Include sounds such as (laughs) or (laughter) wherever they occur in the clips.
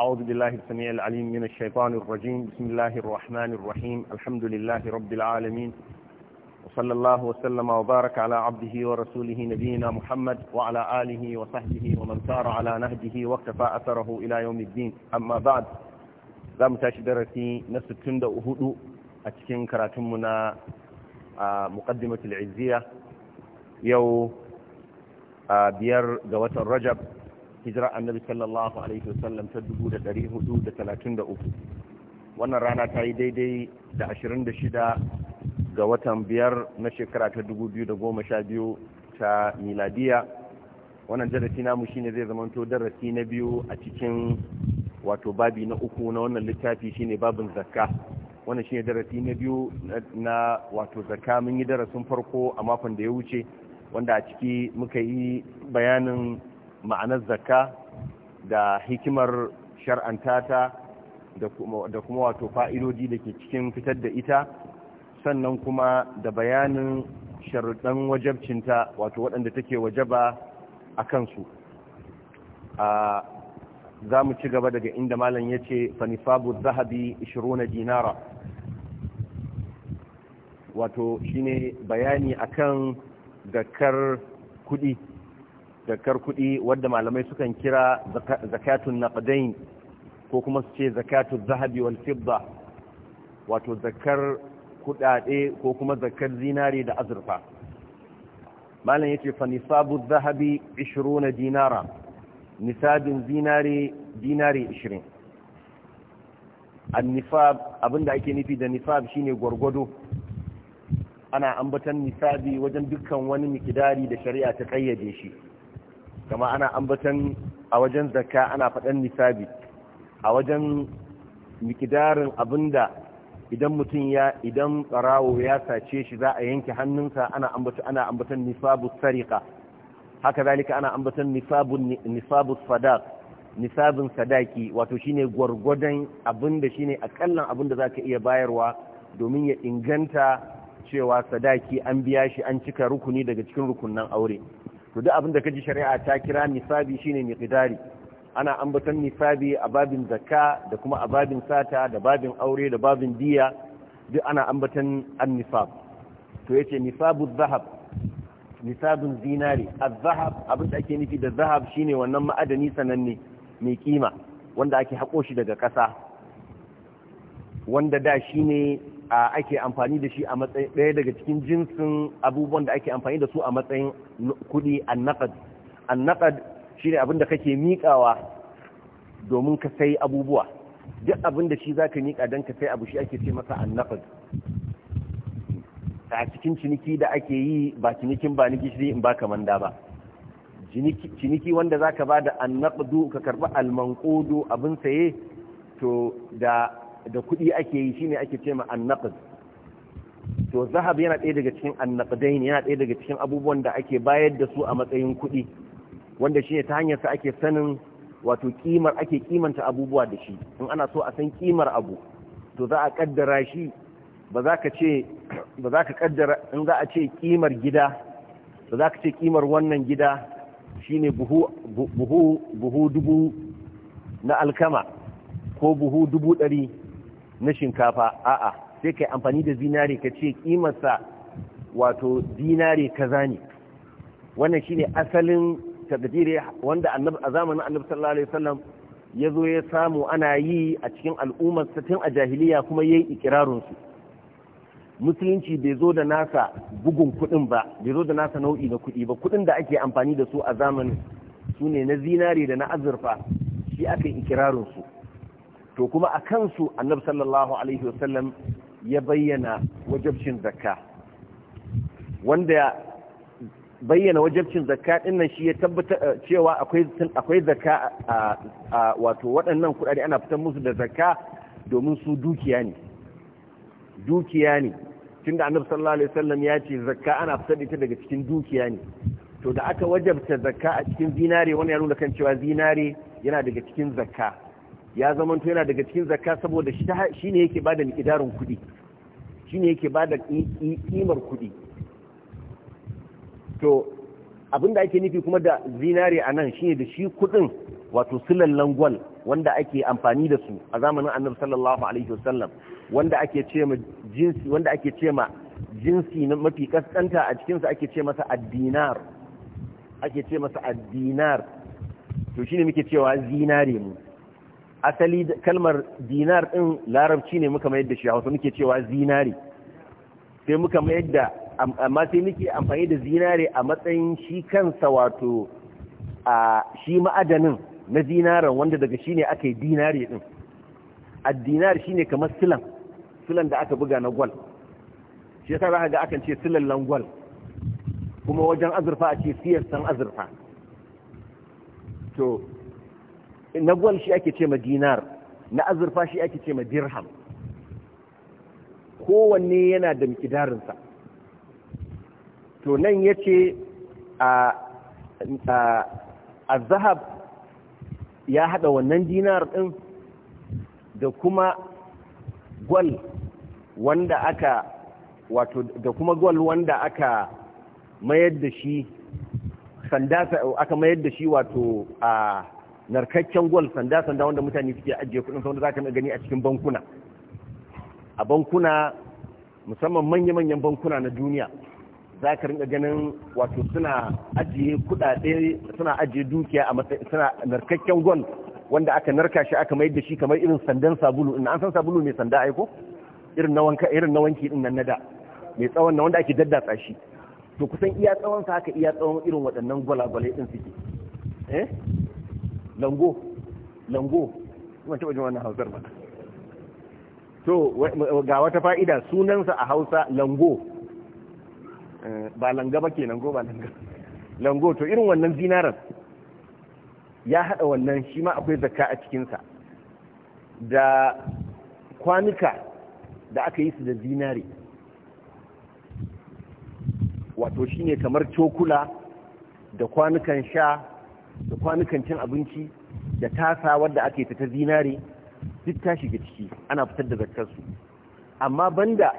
أعوذ بالله السميع العليم من الشيطان الرجيم بسم الله الرحمن الرحيم الحمد لله رب العالمين وصلى الله وسلم وبارك على عبده ورسوله نبينا محمد وعلى آله وصحبه ومن سار على نهجه واقتفى أثره إلى يوم الدين أما بعد لا mu tashi darasi na 64 a مقدمة العزية na بير izziya yau hijira annabi sallallahu alaihi wasallam ta 433 wannan rana ta yi daidai da 26 ga watan biyar na shekara ta 2012 ta miladiya wannan darasi namu shine zai to darasi na biyu a cikin wato babi na uku na wannan littafi shine babin zakka wannan shine darasi na biyu na wato zakka mun yi darasin farko a makon da ya wuce wanda a ciki muka yi bayanin ma'anar zakka da hikimar shar'anta ta da kuma wato fa'idodi da ke cikin fitar da ita sannan kuma da bayanin sharuɗan wajabcinta wato waɗanda take wajaba a kansu za mu ci gaba daga inda malam ya ce fanifabu zahabi 20 dinara wato shine bayani akan zakar kuɗi zakar kuɗi wadda malamai sukan kira zakatun naqdain ko kuma su ce zakatun zahabi wal fidda wato zakar kuɗaɗe ko kuma zakar zinare da azurfa malam yace fa nisabu zahabi 20 dinara nisabin zinare dinari 20 annifab abinda ake nufi da nifab shine gwargwado ana ambatan nisabi wajen dukkan wani mikidari da shari'a ta kayyade shi kama ana ambatan a wajen zaka ana faɗan nisabi a wajen mikidarin abinda idan mutum ya idan tsarawo ya sace shi za a yanke hannunsa ana ambata ana ambatan nisabu sariqa haka zalika ana ambatan nisabu nisabu sadaq nisabin sadaki wato shine gwargwadon abinda shine akallan abinda zaka iya bayarwa domin ya inganta cewa sadaki an biya shi an cika rukuni daga cikin rukunnan aure to duk abin da kaji shari'a ta kira nisabi shine miqdari ana ambaton nisabi a babin zakka da kuma a babin sata da babin aure da babin diya duk ana ambaton an-nisab to yace nisabu zahab nisabun zinari az-zahab abin da ake nufi da zahab shine wannan ma'adani sananne mai kima wanda ake hako shi daga ƙasa wanda da shine ake amfani da shi a matsayin ɗaya daga cikin jinsin abubuwan da ake amfani da su a matsayin kuɗi annaqad shi ne abin da kake miƙawa domin ka sai abubuwa duk abin da shi zaka miƙa don ka sai abu shi ake ce masa annaqad a cikin ciniki da ake yi ba cinikin ba ni gishiri in baka manda ba ciniki wanda zaka ba da annaqdu ka karɓi almanƙudu abin saye to da da kuɗi ake yi shine ake cewa annaqd to zahab yana ɗaya daga cikin annaqdain yana ɗaya daga cikin abubuwan da ake bayar da su a matsayin kuɗi wanda shine ta hanyar sa ake sanin wato kimar ake kimanta abubuwa da shi in ana so a san kimar abu to za a kaddara shi ba za ka ce ba za ka kaddara in za a ce kimar gida ba za ka ce kimar wannan gida shine buhu buhu buhu dubu na alkama ko buhu dubu ɗari na shinkafa a'a sai kai amfani da zinare ka ce kimarsa wato zinare kaza ne wannan shine asalin takdiri wanda annabi a zamanin annabi sallallahu alaihi wasallam ya zo ya samu ana yi a cikin al'ummar sa a jahiliya kuma yayi ikirarin su musulunci bai zo da nasa bugun kuɗin ba bai zo da nasa nau'i na kuɗi ba kuɗin da ake amfani da su a zamanin su ne na zinare da na azurfa shi aka yi ikirarin su to kuma a kansu annabi sallallahu alaihi wasallam ya bayyana wajabcin zakka wanda bayyana wajabcin zakka dinnan shi ya tabbata eh, cewa akwai akwai zakka wato waɗannan kuɗaɗe ana fitar musu da zakka domin su dukiya ne dukiya ne tunda annabi sallallahu alaihi wasallam ya ce zakka ana fitar da ita daga cikin dukiya ne to da aka wajabta zakka a cikin zinare wani ya nuna kan cewa zinare yana daga cikin zakka ya to yana daga cikin zakka saboda shi ne yake bada miƙidarin kuɗi shi ne yake bada ƙimar kuɗi to abinda ake nufi kuma da zinare a nan ne da shi kuɗin wato silan langwal wanda ake amfani da su a zamanin annar sallallahu alaihi wasallam wanda ake ce ma jinsi wanda ake ce ma jinsi na mafi kaskanta a cikin ake ce masa addinar ake ce masa addinar to shine muke cewa zinare mu asali kalmar dinar ɗin larabci ne muka mayar da shi hausa muke cewa zinari sai muka mayar da amma sai muke amfani da zinari a matsayin shi kansa wato a shi ma'adanin na zinaren wanda daga shi ne aka yi dinari din addinar shi ne kamar silan silan da aka buga na gwal shi yasa za ga akan ce silallan gwal kuma wajen azurfa a ce siyar san azurfa to na gwal shi ake ce ma dinar na azurfa shi ake ce ma dirham kowanne yana da mikidarinsa to nan ya ce a zahab ya haɗa wannan dinar ɗin da kuma gwal wanda aka wato da kuma gwal wanda aka mayar da shi sanda aka mayar da shi wato a narkakken gol sanda sanda wanda mutane suke ajiye kudin wanda za ka gani a cikin bankuna a bankuna musamman manya-manyan bankuna na duniya za ka rinka ganin wato suna ajiye kudade suna ajiye dukiya a suna narkakken gol wanda aka narka shi aka mai da shi kamar irin sandan sabulu in an san sabulu mai sanda aiko irin na wanka irin na wanki din nan na da mai tsawon na wanda ake daddatsa shi to kusan iya tsawon sa haka iya tsawon irin waɗannan gwalagwalai din suke eh lango lango kuma taɓa jin wannan hausar ba to ga wata fa'ida sunansa a hausa lango eh, ba langa ba ke lango ba langa lango to irin wannan zinaran ya haɗa wannan shi ma akwai zakka a cikinsa da kwanuka da aka yi su da zinare wato shine kamar cokula da kwanukan sha da kwanukan cin abinci da tasa wadda ake fita zinare duk ta shiga ciki ana fitar da zakkarsu amma banda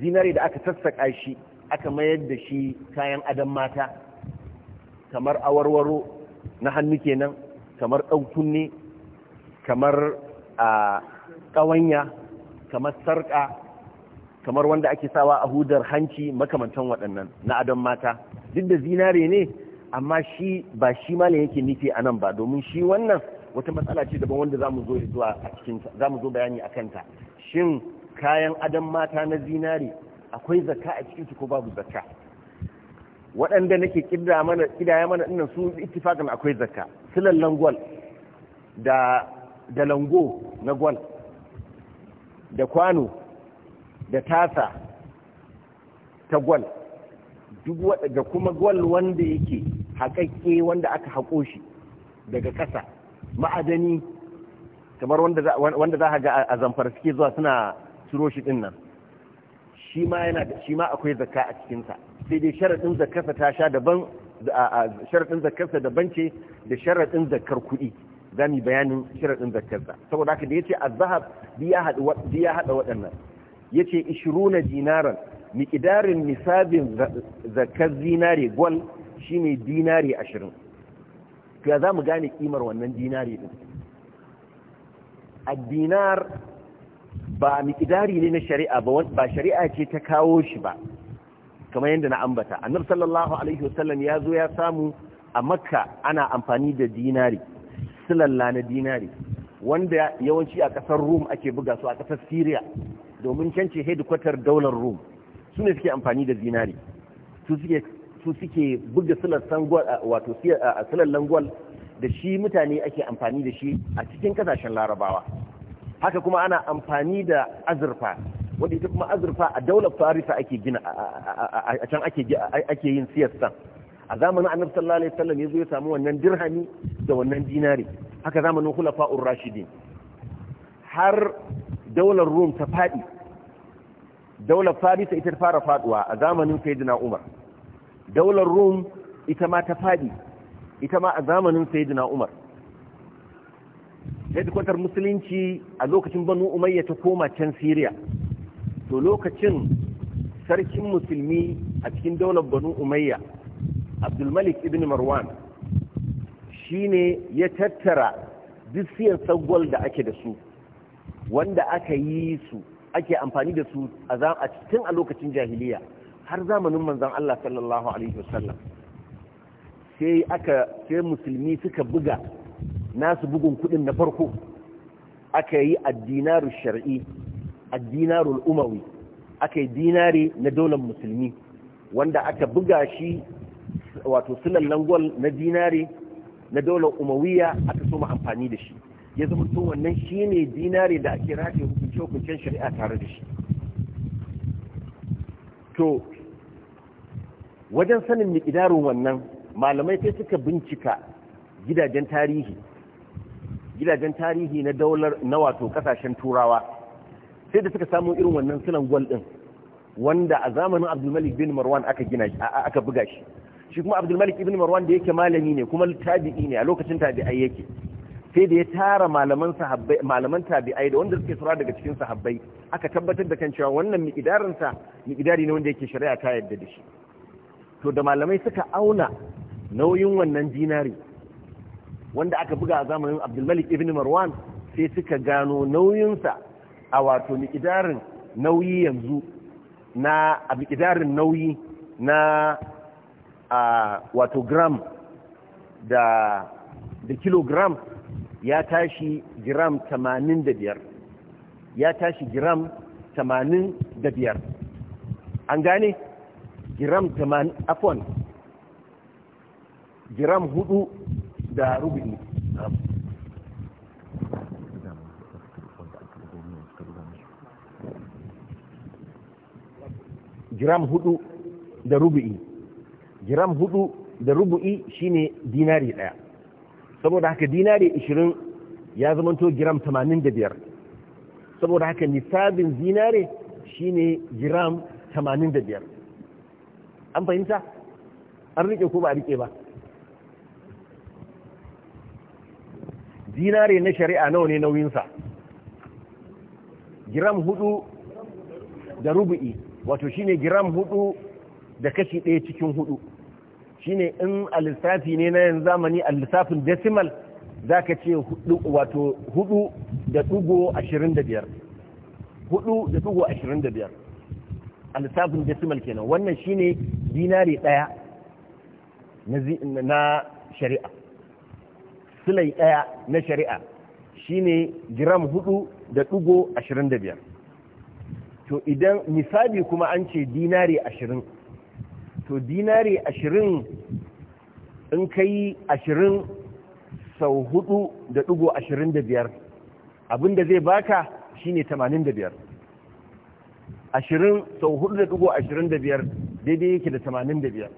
zinare da aka sassaƙa shi aka mayar da shi kayan adam mata kamar awarwaro na hannu kenan kamar ɗaukunne kamar a ƙawanya kamar sarƙa kamar wanda ake sawa a hudar hanci makamantan waɗannan na adam mata duk da zinare ne amma shi ba shi ma ne yake nufi a nan ba domin shi wannan wata matsala ce daban wanda zamu zo zuwa a cikin zo bayani akan ta shin kayan adam mata na zinari akwai zakka a cikin su ko babu zakka waɗanda nake kidda mana kidaya mana dinnan su ittifaqan akwai zakka silallan gwal da lango na gwal da kwano da tasa ta gwal duk waɗanda kuma gwal wanda yake haƙaƙƙe wanda aka haƙo shi daga ƙasa ma'adani kamar wanda za a ga a zamfar suke zuwa suna ciro shi ɗin nan shi ma akwai zakka a cikinsa sai dai sharaɗin zakkarsa ta sha daban sharaɗin zakkarsa daban ce da sharaɗin zakkar kuɗi za mu bayanin sharaɗin zakkarsa saboda haka da ya ce a azahab ya haɗa waɗannan ya ce ishiruna dinaran miƙidarin nisabin zakar zinare gwal Shi ne dinari ashirin to ya za mu gane kimar wannan dinari din a dinar ba mikidari ne na shari'a ba shari'a ce ta kawo shi ba kamar yadda na ambata annabi sallallahu alaihi wasallam ya zo ya samu a makka ana amfani da dinari silalla na dinari wanda yawanci a kasar rum ake buga su a ƙasar syria domin cance hedikwatar daular rum su ne suke amfani da dinari su su suke buga silallan gwal wato silallan gwal da shi mutane ake amfani da shi a cikin kasashen larabawa haka kuma ana amfani da azurfa wanda ita kuma azurfa a daular farisa ake gina a can ake yin siyastan a zamanin annabi sallallahu alaihi wasallam zo ya samu wannan dirhami da wannan dinari haka zamanin khulafa'ur rashidin har daular rum ta fadi daular farisa ita ta fara faduwa a zamanin sayyidina umar daular rum ita ma ta faɗi, ita ma a zamanin sayyidina umar kwatar musulunci a lokacin banu umayya ta koma can Siriya, to lokacin sarkin musulmi a cikin daular banu umayya abdulmalik ibn marwan shine ya tattara duk sagwal da ake da su wanda aka yi su ake amfani da su a cikin a lokacin jahiliya har zamanin manzon Allah sallallahu alaihi wasallam sai aka sai musulmi suka buga nasu bugun kudin na farko aka yi addinarul shar'i addinarul umawi aka yi dinari na daular musulmi wanda aka buga shi wato sulallan gwal na dinari na daular umawiya aka soma amfani da shi ya zama to wannan shi ne dinari da ake rataye hukunce-hukuncen shari'a tare da shi to wajen sanin miƙidarin wannan malamai sai suka bincika gidajen tarihi gidajen tarihi na daular na wato kasashen turawa sai da suka samu irin wannan sunan gwal din wanda a zamanin abdulmalik bin marwan aka gina aka buga shi shi kuma abdulmalik bin marwan da yake malami ne kuma tabi'i ne a lokacin tabi'ai yake sai da ya tara malaman sahabbai malaman tabi'ai da wanda suke sura daga cikin sahabbai aka tabbatar da kan cewa wannan miƙidarinsa miƙidari ne wanda yake shari'a ta yarda da shi to da malamai suka auna nauyin wannan dinari wanda aka buga a zamanin abdulmalik ibn marwan sai suka gano nauyinsa a wato miƙidarin nauyi yanzu na a miƙidarin nauyi na a wato gram da da kilogram ya tashi gram 85 ya tashi gram 85 an gane giram 80 afon giram hudu da rubu'i giram hudu da rubu'i giram hudu da rubu'i shine dinari daya saboda haka dinari 20 ya zamanto giram 85 saboda haka nisabin dinari shine giram 85 an fahimta an rike ko ba a rike ba dinare na shari'a nawa ne nauyinsa giram hudu da rubu'i wato shine giram hudu da kashi ɗaya cikin hudu shine in a lissafi ne na yanzu zamani a lissafin decimal za ka ce wato hudu hudu da dugo ashirin da biyar a lissafin decimal kenan wannan shine dinari ɗaya na shari'a silai ɗaya na shari'a shine giram hudu da ɗigo ashirin da biyar to idan misali kuma an ce dinari ashirin to dinari ashirin in ka yi ashirin sau hudu da ɗigo ashirin da biyar abinda zai baka shine tamanin da biyar ashirin sau hudu da dugo ashirin da biyar daidai yake da tamanin da biyar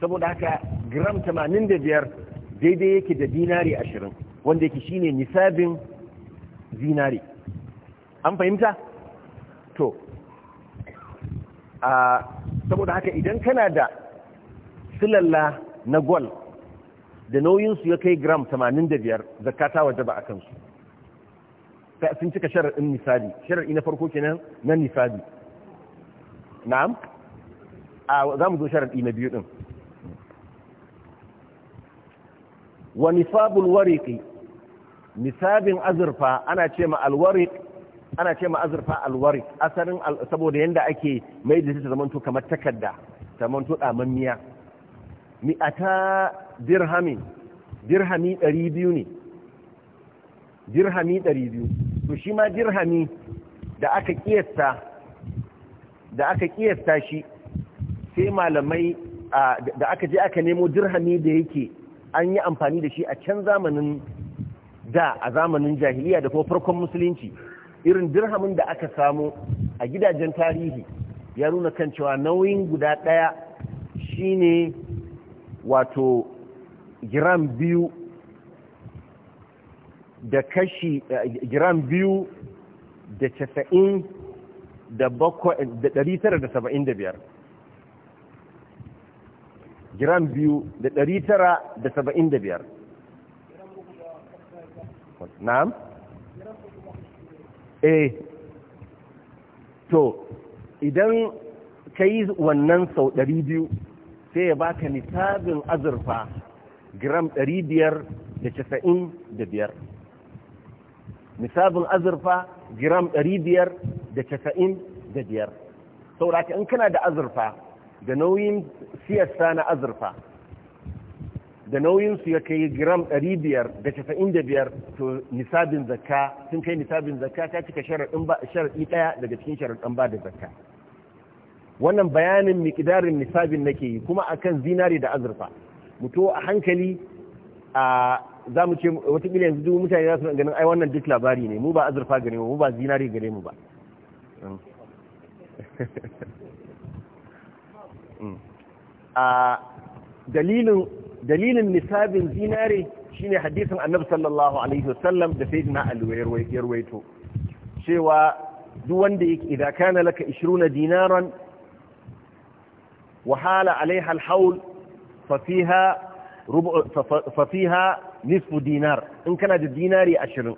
saboda haka gram tamanin da biyar daidai yake da dinari ashirin wanda yake shine nisabin zinari an fahimta to a saboda haka idan kana da silalla na gwal da nauyinsu ya kai gram tamanin da biyar zakata waje ba a kansu sun cika sharaɗin misali shari'i na farko kenan na misali na'am a za mu zo shari'i na biyu ɗin wa nisabul wariqi nisabin azurfa ana ce ma alwariq ana ce ma azurfa alwariq asarin saboda yanda ake mai da ta zamanto kamar takarda zamanto damammiya mi'ata dirhamin dirhami 200 ne dirhami 200 to shi ma dirhami da aka kiyasta da aka kiyasta shi sai malamai da aka je aka nemo dirhami da yake an yi amfani da shi a can zamanin da a zamanin jahiliya da kuma farkon musulunci irin dirhamin da aka samu a gidajen tarihi ya nuna kan cewa nauyin guda ɗaya shine wato giram biyu da kashi eh, gram biyu da casa'in da ɗari tara da saba'in da biyar gram biyu da ɗari tara da saba'in da biyar na'am eh to idan ka yi wannan sau ɗari biyu sai ya baka nisabin azurfa gram ɗari biyar da casa'in da biyar misabin azurfa giram 595 saboda in kana da azurfa da nauyin siyasta na azurfa da nauyin ya kai giram 595 to nisabin zakka sun kai nisabin zakka ta cika sharaɗin sharaɗi ɗaya daga cikin sharaɗin ba da zakka wannan bayanin miƙidarin nisabin nake yi kuma akan zinari da azurfa mutuwa a hankali a za mu ce watakila yanzu duk mutane za su ganin ai wannan duk labari ne mu ba azurfa gare mu mu ba zinari gare mu ba mm. (laughs) a dalilin dalilin nisabin zinare shine hadisin annabi sallallahu alaihi wasallam da sayyidina ali ya ruwaito cewa duk wanda yake idan kana laka 20 dinaran wa hala alaiha alhaul fa fiha fafiha nisfu dinar in kana da dinari ashirin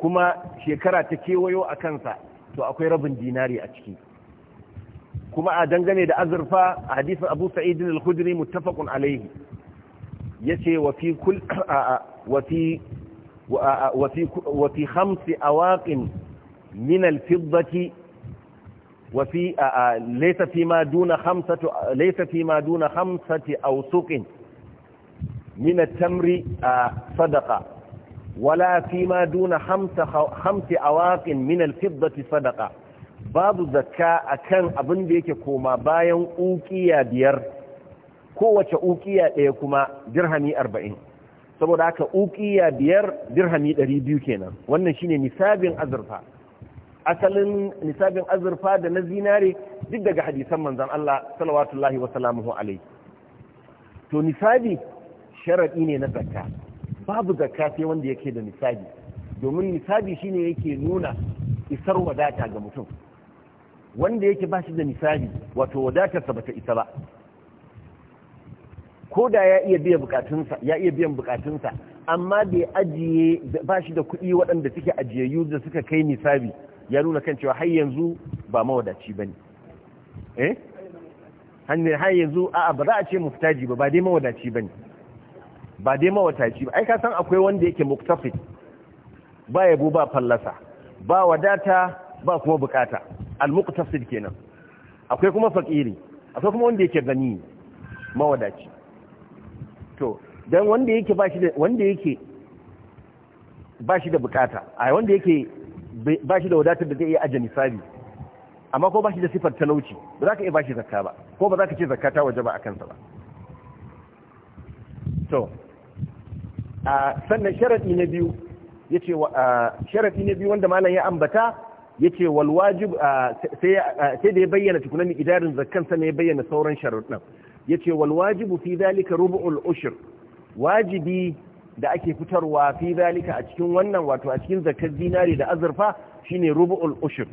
kuma shekara ta kewayo a kansa to akwai rabin dinari a ciki kuma a dangane da azurfa a hadisin abu sa'idin al-khudri muttafaqun alaihi yace wa fi kul wa fi wa fi wa fi وفي ليس فيما دون خمسه ليس فيما دون خمسة أوسق من التمر صدقه ولا فيما دون خمسه خمس اواق من الفضه صدقه باب zakka كان ابن da yake koma bayan ukiya biyar kowace ukiya ɗaya kuma dirhami 40 saboda haka ukiya biyar dirhami 200 kenan wannan shine nisabin azurfa asalin nisabin azurfa da na zinare duk daga hadisan manzan Allah salawatullahi wa salamuhu alai to nisabi sharaɗi ne na zakka babu zakka sai wanda yake da nisabi domin nisabi shine yake nuna isar wadata ga mutum wanda yake ba shi da nisabi wato wadatarsa bata isa ba ko da ya iya biya bukatunsa ya iya biyan bukatunsa amma bai ajiye ba shi da kuɗi waɗanda suke ajiyayyu da suka kai nisabi ya nuna kan cewa har yanzu ba mawadaci ba ne eh har yanzu a'a ba za a ce muftaji ba ba dai mawadaci ba ne ba dai mawadaci ba ai ka san akwai wanda yake muktafi ba yabo ba fallasa ba wadata ba kuma bukata al muktafi kenan akwai kuma fakiri akwai kuma wanda yake gani mawadaci to dan wanda yake ba shi da wanda yake ba shi da bukata a wanda yake ba shi da wadatar da zai iya ajiye misali amma ko ba shi da sifar talauci ba za ka iya ba shi zakka ba ko ba za ka ce zakka ta waje ba a kansa ba to a sannan sharadi na biyu yace sharadi na biyu wanda malam ya ambata ya ce walwajib sai da ya bayyana tukunan idarin zakkan sannan ya bayyana sauran sharuɗin yace ce walwajibu fi zalika rubu'ul ushir wajibi da ake fitarwa fi zalika a cikin wannan wato a cikin zakar dinari da azurfa shine rubu'ul ushur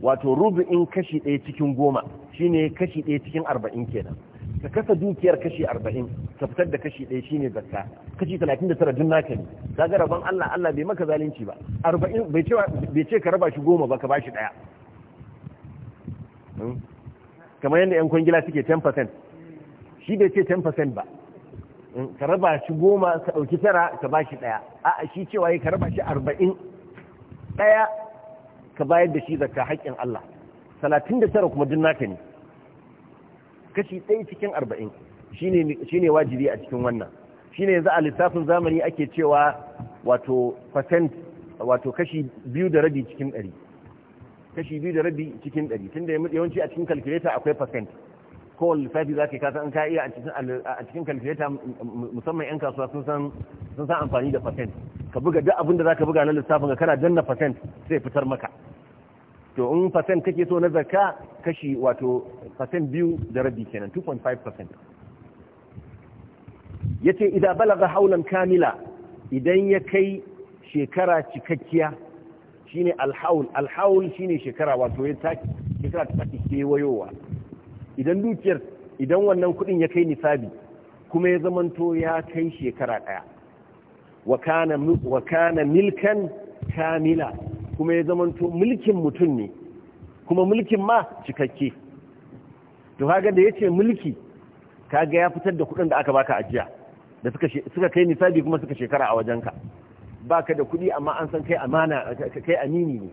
wato rubu'in kashi ɗaya cikin goma shine kashi ɗaya cikin arba'in kenan ka kasa dukiyar kashi arba'in ka fitar da kashi ɗaya shine zakka kashi talatin da tara duk naka ne kaga rabon Allah Allah bai maka zalunci ba arba'in bai ce ka raba shi goma ba ka shi ɗaya hmm? kamar yadda yan kwangila suke 10% shi bai ce 10% ba ka raba shi goma ka ɗauki tara ka ba shi ɗaya a shi cewa ka raba shi arba'in ɗaya ka bayar da shi zakka haƙƙin Allah talatin da tara kuma naka ne kashi ɗaya cikin arba'in shine wajibi a cikin wannan shine yanzu a lissafin zamani ake cewa wato percent wato kashi biyu da rabi cikin ɗari kashi biyu da rabi cikin ɗari tunda yawanci a cikin calculator akwai percent kowane lissafi za ka kasa in ka iya a cikin kalkuleta musamman 'yan kasuwa sun san amfani da patent ka buga duk abin da za ka buga na lissafin ka kana danna patent sai fitar maka to in patent kake so na zakka kashi wato patent biyu da rabi kenan 2.5 percent ya ce idan balaga haulan kamila idan ya kai shekara cikakkiya shine alhaul alhaul shine shekara wato ya ta shekara ta kewayowa idan dukiyar idan wannan kuɗin ya kai nisabi kuma ya zamanto ya kai shekara daya wa kana milkan kamila kuma ya zamanto mulkin mutum ne kuma mulkin ma cikakke to kaga da yace mulki kaga ya fitar da kuɗin da aka baka ajiya da suka suka kai nisabi kuma suka shekara a wajenka baka da kuɗi amma an san kai amana kai amini ne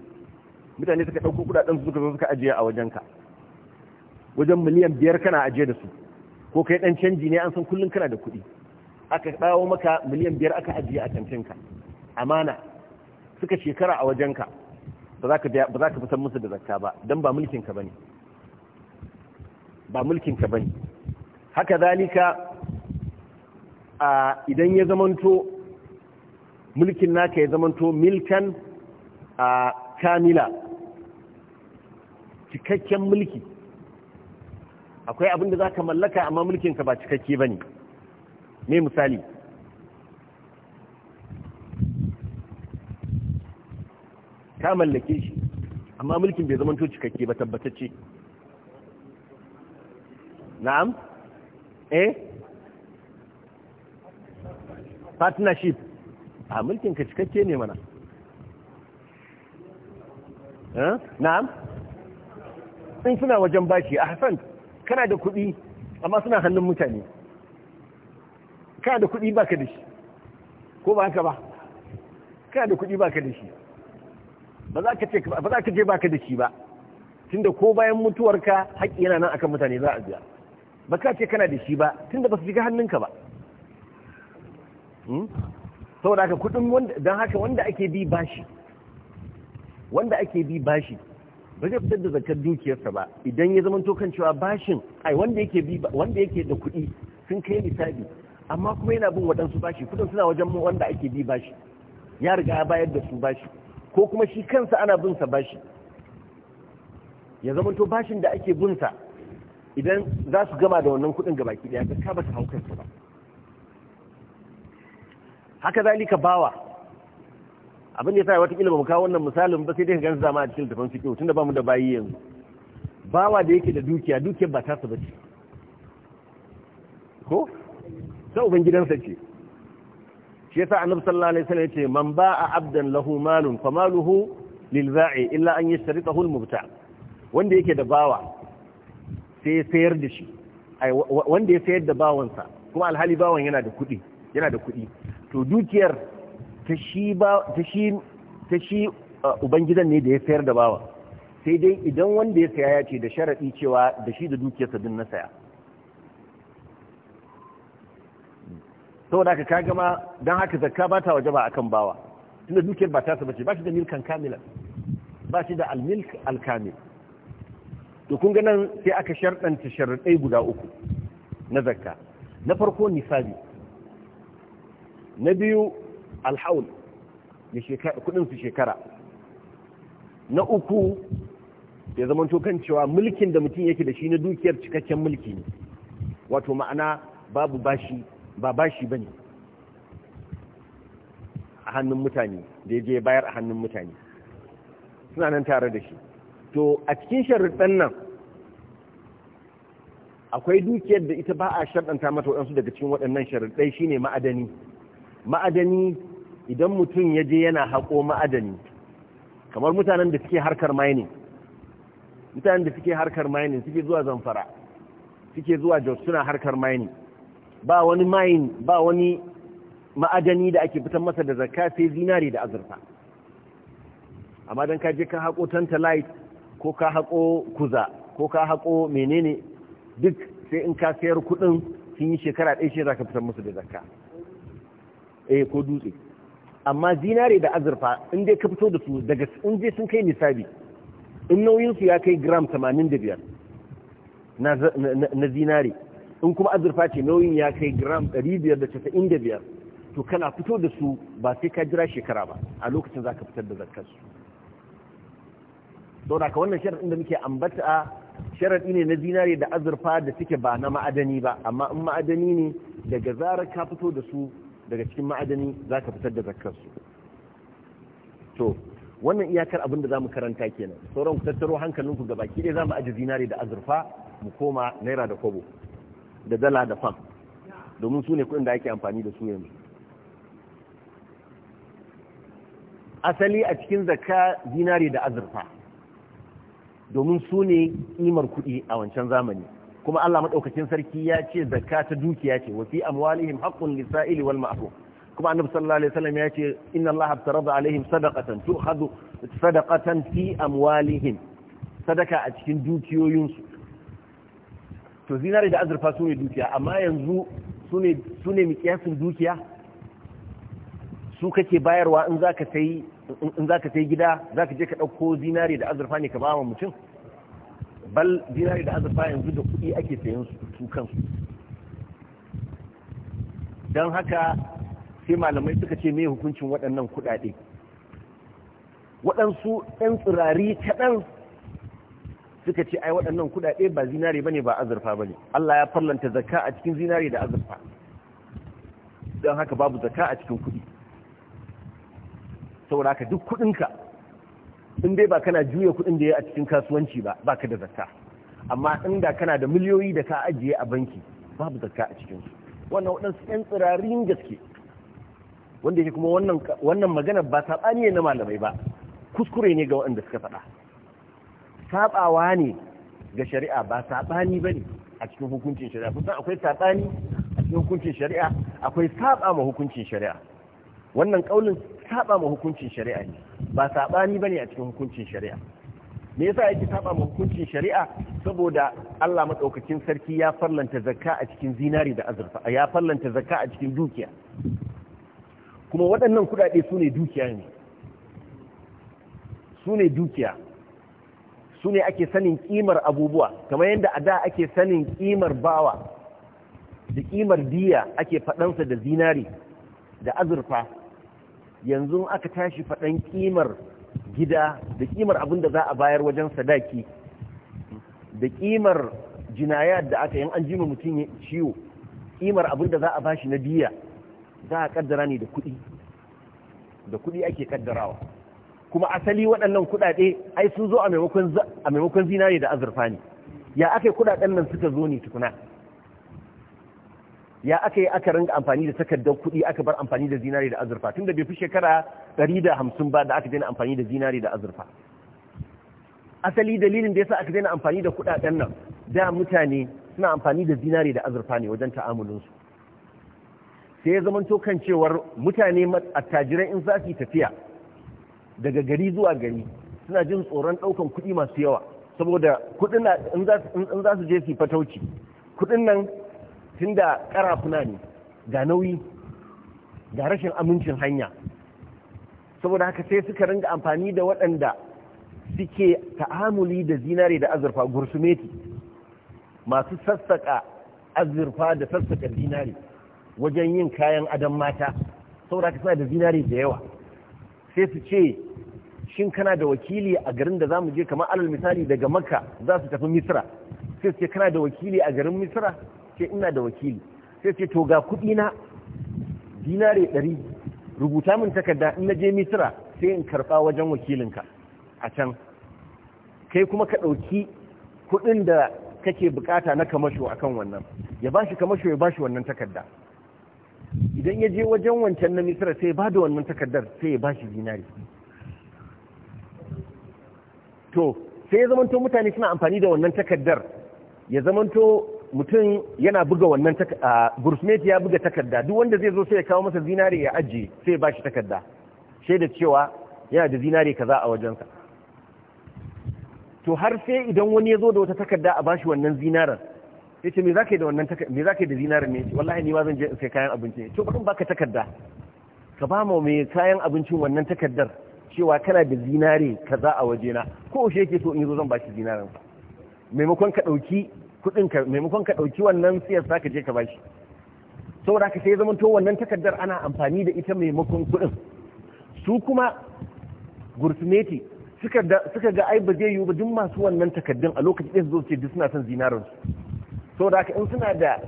mutane suka ɗauko kuɗaɗen su suka zo suka ajiya a wajenka wajen miliyan biyar kana ajiye da su ko kai dan canji ne an san kullun kana da kuɗi aka dawo maka miliyan biyar aka ajiye a cancinka amana suka shekara a wajenka ba za ka ba za ka fitar musu da zakka ba don ba mulkin ka bane ba mulkinka ba ne haka zalika a idan ya zamanto mulkin naka ya zamanto milkan a kamila cikakken mulki akwai abin da za ka mallaka amma mulkinka ba cikakke ba ne me misali ka mallake shi amma mulkin bai zamanto cikakke ba tabbatacce na'am eh partnership a mulkin ka cikakke ne mana eh? na'am in suna wajen bashi a hassan kana da kuɗi amma suna hannun mutane kana da kuɗi baka da shi ko ba haka ba kana da kuɗi baka da shi ba za ka je baka da shi ba tunda ko bayan mutuwarka haƙƙi yana nan akan mutane za a biya ba ka ce kana da shi ba tunda ba su shiga hannunka ba hmm? saboda haka kuɗin don haka wanda ake bi bashi wanda ake bi bashi ba zai fitar da zakar dukiyarsa ba idan ya zamanto kan cewa bashin ai wanda yake bi wanda yake da kuɗi sun kai misali amma kuma yana bin waɗansu bashi kudin suna wajen wanda ake bi bashi ya riga ya bayar da su bashi ko kuma shi kansa ana bin sa bashi ya zamanto bashin da ake bin sa idan za su gama da wannan kuɗin gabaki ɗaya ka ba ta hau kansa ba haka zalika bawa abin da ya sa watakila ba mu kawo wannan misalin ba sai dai gan zama a cikin fito tun tunda ba mu da bayi yanzu bawa da yake da dukiya dukiyar ba saba ce ko sai uban gidansa ce shi yasa annabi sallallahu alaihi wasallam yace man ba'a abdan lahu malun fa maluhu lil illa an yashtaritahu al mubta wanda yake da bawa sai ya sayar da shi wanda ya sayar da bawansa kuma alhali bawan yana da kuɗi yana da kuɗi to dukiyar ta shi uh, ubangidan ne da ya sayar da bawa sai dai idan wanda ya saya ya ce da sharaɗi cewa da shi da dukiyarsa din na saya saboda ka kaga gama don haka zakka ba ta waje ba akan bawa tunda dukiyar ba ta saba ce ba shi da milkan kamila ba shi da almilk alkamil to kun ga sai aka sharɗanta sharaɗai guda uku na zakka na farko nisabi na biyu alhaul kuɗin su shekara na uku ya zama kan cewa mulkin da mutum yake da shi na dukiyar cikakken mulki ne wato ma'ana babu bashi ba bashi ba ne a hannun mutane da ya je bayar a hannun mutane suna nan tare da shi to a cikin sharuɗan nan akwai dukiyar da ita ba a sharɗanta mata waɗansu daga cikin waɗannan sharuɗai shine ma'adani ma'adani idan mutum ya je yana haƙo ma'adani kamar mutanen da suke harkar mining mutanen da suke harkar mining suke zuwa zamfara suke zuwa jos suna harkar mining ba wani mine ba wani ma'adani da ake fitan masa da zakka sai zinari da azurfa amma don ka je ka haƙo tantalite ko ka haƙo kuza ko ka haƙo menene duk sai in ka sayar kuɗin sun yi shekara ɗaya shi za ka fitan masa da zakka eh ko dutse amma zinare da azurfa in dai ka fito da su daga in dai sun kai nisabi in nauyin su ya kai gram 85 na na zinare in kuma azurfa ce nauyin ya kai gram 595 to kana fito da su ba sai ka jira shekara ba a lokacin za ka fitar da zakar su don haka wannan sharadin da muke ambata sharaɗi ne na zinare da azurfa da suke ba na ma'adani ba amma in ma'adani ne daga zarar ka fito da su daga cikin ma'adani za ka fitar da zakkarsu to wannan iyakar abin da za mu karanta kenan sauran ku tattaro hankalinku ga baki ɗaya za mu aji zinare da azurfa mu koma naira da kobo da dala da fam domin su ne kuɗin da ake amfani da su yanzu asali a cikin zakka zinare da azurfa domin su ne imar kuɗi a wancan zamani kuma Allah madaukakin sarki ya ce zakka ta dukiya ce wa fi amwalihim haqqun lisa'ili wal ma'fu kuma annabi sallallahu alaihi wasallam ya ce inna Allah abtarada alaihim sadaqatan tu'khadhu sadaqatan fi amwalihim sadaka a cikin dukiyoyinsu to zinari da azurfa su ne dukiya amma yanzu su ne mikiyasin dukiya su kake bayarwa in za ka sai gida zaka je ka ɗauko zinari da azurfa ne ka ba wa mutum bal dinari da azurfa yanzu da kuɗi ake sayan su kansu don haka sai malamai suka ce mai hukuncin waɗannan kuɗaɗe waɗansu ɗan tsirari kaɗan suka ce ai waɗannan kuɗaɗe ba zinare ba ne ba azurfa ba ne Allah ya farlanta zakka a cikin zinare da azurfa don haka babu zakka a cikin kuɗi saboda haka duk kuɗinka in dai ba kana juya kuɗin da ya a cikin kasuwanci ba ba ka da zakka amma inda kana da miliyoyi da ka ajiye a banki babu zakka a cikin su wannan waɗansu ƴan tsirarin gaske wanda yake kuma wannan wannan magana ba saɓani ne na malamai ba kuskure ne ga waɗanda suka faɗa saɓawa ne ga shari'a ba saɓani ba ne a cikin hukuncin shari'a kusan akwai saɓani a cikin hukuncin shari'a akwai saɓa ma hukuncin shari'a wannan kaulin saba ma hukuncin shari'a ne ba sabani bane a cikin hukuncin shari'a me yasa yake saba ma hukuncin shari'a saboda Allah madaukakin sarki ya fallanta zakka a cikin zinari da azurfa ya fallanta zakka a cikin dukiya kuma waɗannan kuɗaɗe su ne dukiya ne su ne dukiya su ne ake sanin ƙimar abubuwa kamar yadda a da ake sanin ƙimar bawa da ƙimar diya ake faɗansa da zinari da azurfa yanzu aka tashi faɗan ƙimar gida da ƙimar abin da za a bayar wajen sadaki da ƙimar jinayat da aka yin an jima mutum ciwo ƙimar abin da za a bashi na biya za a kaddara ne da kuɗi da kuɗi ake kaddarawa kuma asali waɗannan kuɗaɗe ai sun zo a maimakon zinare da azurfa ne ya aka yi kuɗaɗen nan suka zo ne tukuna ya aka yi aka ringa amfani da takardar kuɗi aka bar amfani da zinari da azurfa tunda bai fi shekara ɗari da hamsin ba da aka daina amfani da zinari da azurfa asali dalilin da yasa aka daina amfani da kuɗaɗen nan da mutane suna amfani da zinari da azurfa ne wajen ta'amulinsu sai ya zamanto kan cewar mutane attajirai in za su tafiya daga gari zuwa gari suna jin tsoron ɗaukan kuɗi masu yawa saboda kuɗin in za su je su fatauci kuɗin nan tunda ƙarafuna ne ga nauyi ga rashin amincin hanya saboda haka sai suka ringa amfani da waɗanda suke ta'amuli da zinare da azurfa gursumeti masu sassaƙa azurfa da sassaƙa zinare wajen yin kayan adon mata saboda haka suna da zinare da yawa sai su ce shin kana da wakili a garin da za mu je kamar alal misali daga makka za su tafi misra sai su ce kana da wakili a garin misra ce ina da wakili sai ce to ga kuɗi na dinare ɗari rubuta min takarda in na je misira sai in karɓa wajen wakilinka a can kai kuma ka ɗauki kuɗin da kake bukata na kamasho akan wannan ya bashi kamasho ya bashi wannan takarda idan ya je wajen wancan na misira sai ba da wannan takardar sai ya bashi dinare. to sai ya zamanto mutane suna amfani da wannan takardar ya zamanto mutum yana buga wannan gursmeti ya buga takarda duk wanda zai zo sai ya kawo masa zinare ya ajiye sai ba shi takarda da cewa yana da zinare kaza a wajensa to har sai idan wani ya zo da wata takarda a bashi wannan zinaren sai ce me zaka yi da wannan me zaka yi da zinaren ne wallahi ni ma zan je in sai kayan abinci to ba baka takarda ka ba mu mai kayan abincin wannan takardar cewa kana da zinare kaza a wajena ko shi yake so in zo zan bashi zinaren maimakon ka ɗauki. kuɗin ka maimakon ka dauki wannan siyar sa ka je ka bashi saboda ka sai zama to wannan takardar ana amfani da ita maimakon kuɗin su kuma gursumeti suka ga ai ba zai yiwu ba duk masu wannan takardun a lokacin ɗaya su zo ce duk suna son zinarin su saboda ka in suna da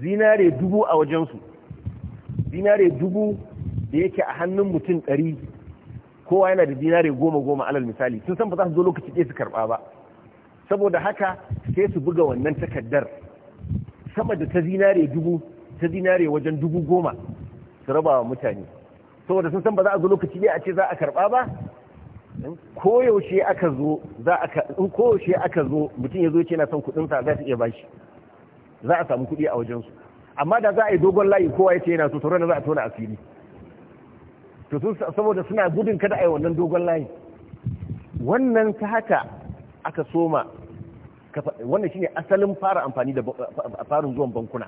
zinare dubu a wajensu zinare dubu da yake a hannun mutum ɗari kowa yana da zinare goma goma alal misali sun san ba za su zo lokacin ɗaya su karɓa ba saboda haka sai su buga wannan takaddar sama da ta zinare dubu ta zinare wajen dubu goma su raba wa mutane saboda sun san ba za a zo lokaci ne a ce za a karba ba koyaushe aka zo za in koyaushe aka zo mutum ya zo ce na son kuɗin sa za su iya bashi za a samu kuɗi a wajensu amma da za a yi dogon layi kowa ya ce yana so tare da za a tona asiri to saboda suna gudun kada a yi wannan dogon layi wannan ta haka aka soma wannan shine asalin fara amfani da farin zuwan bankuna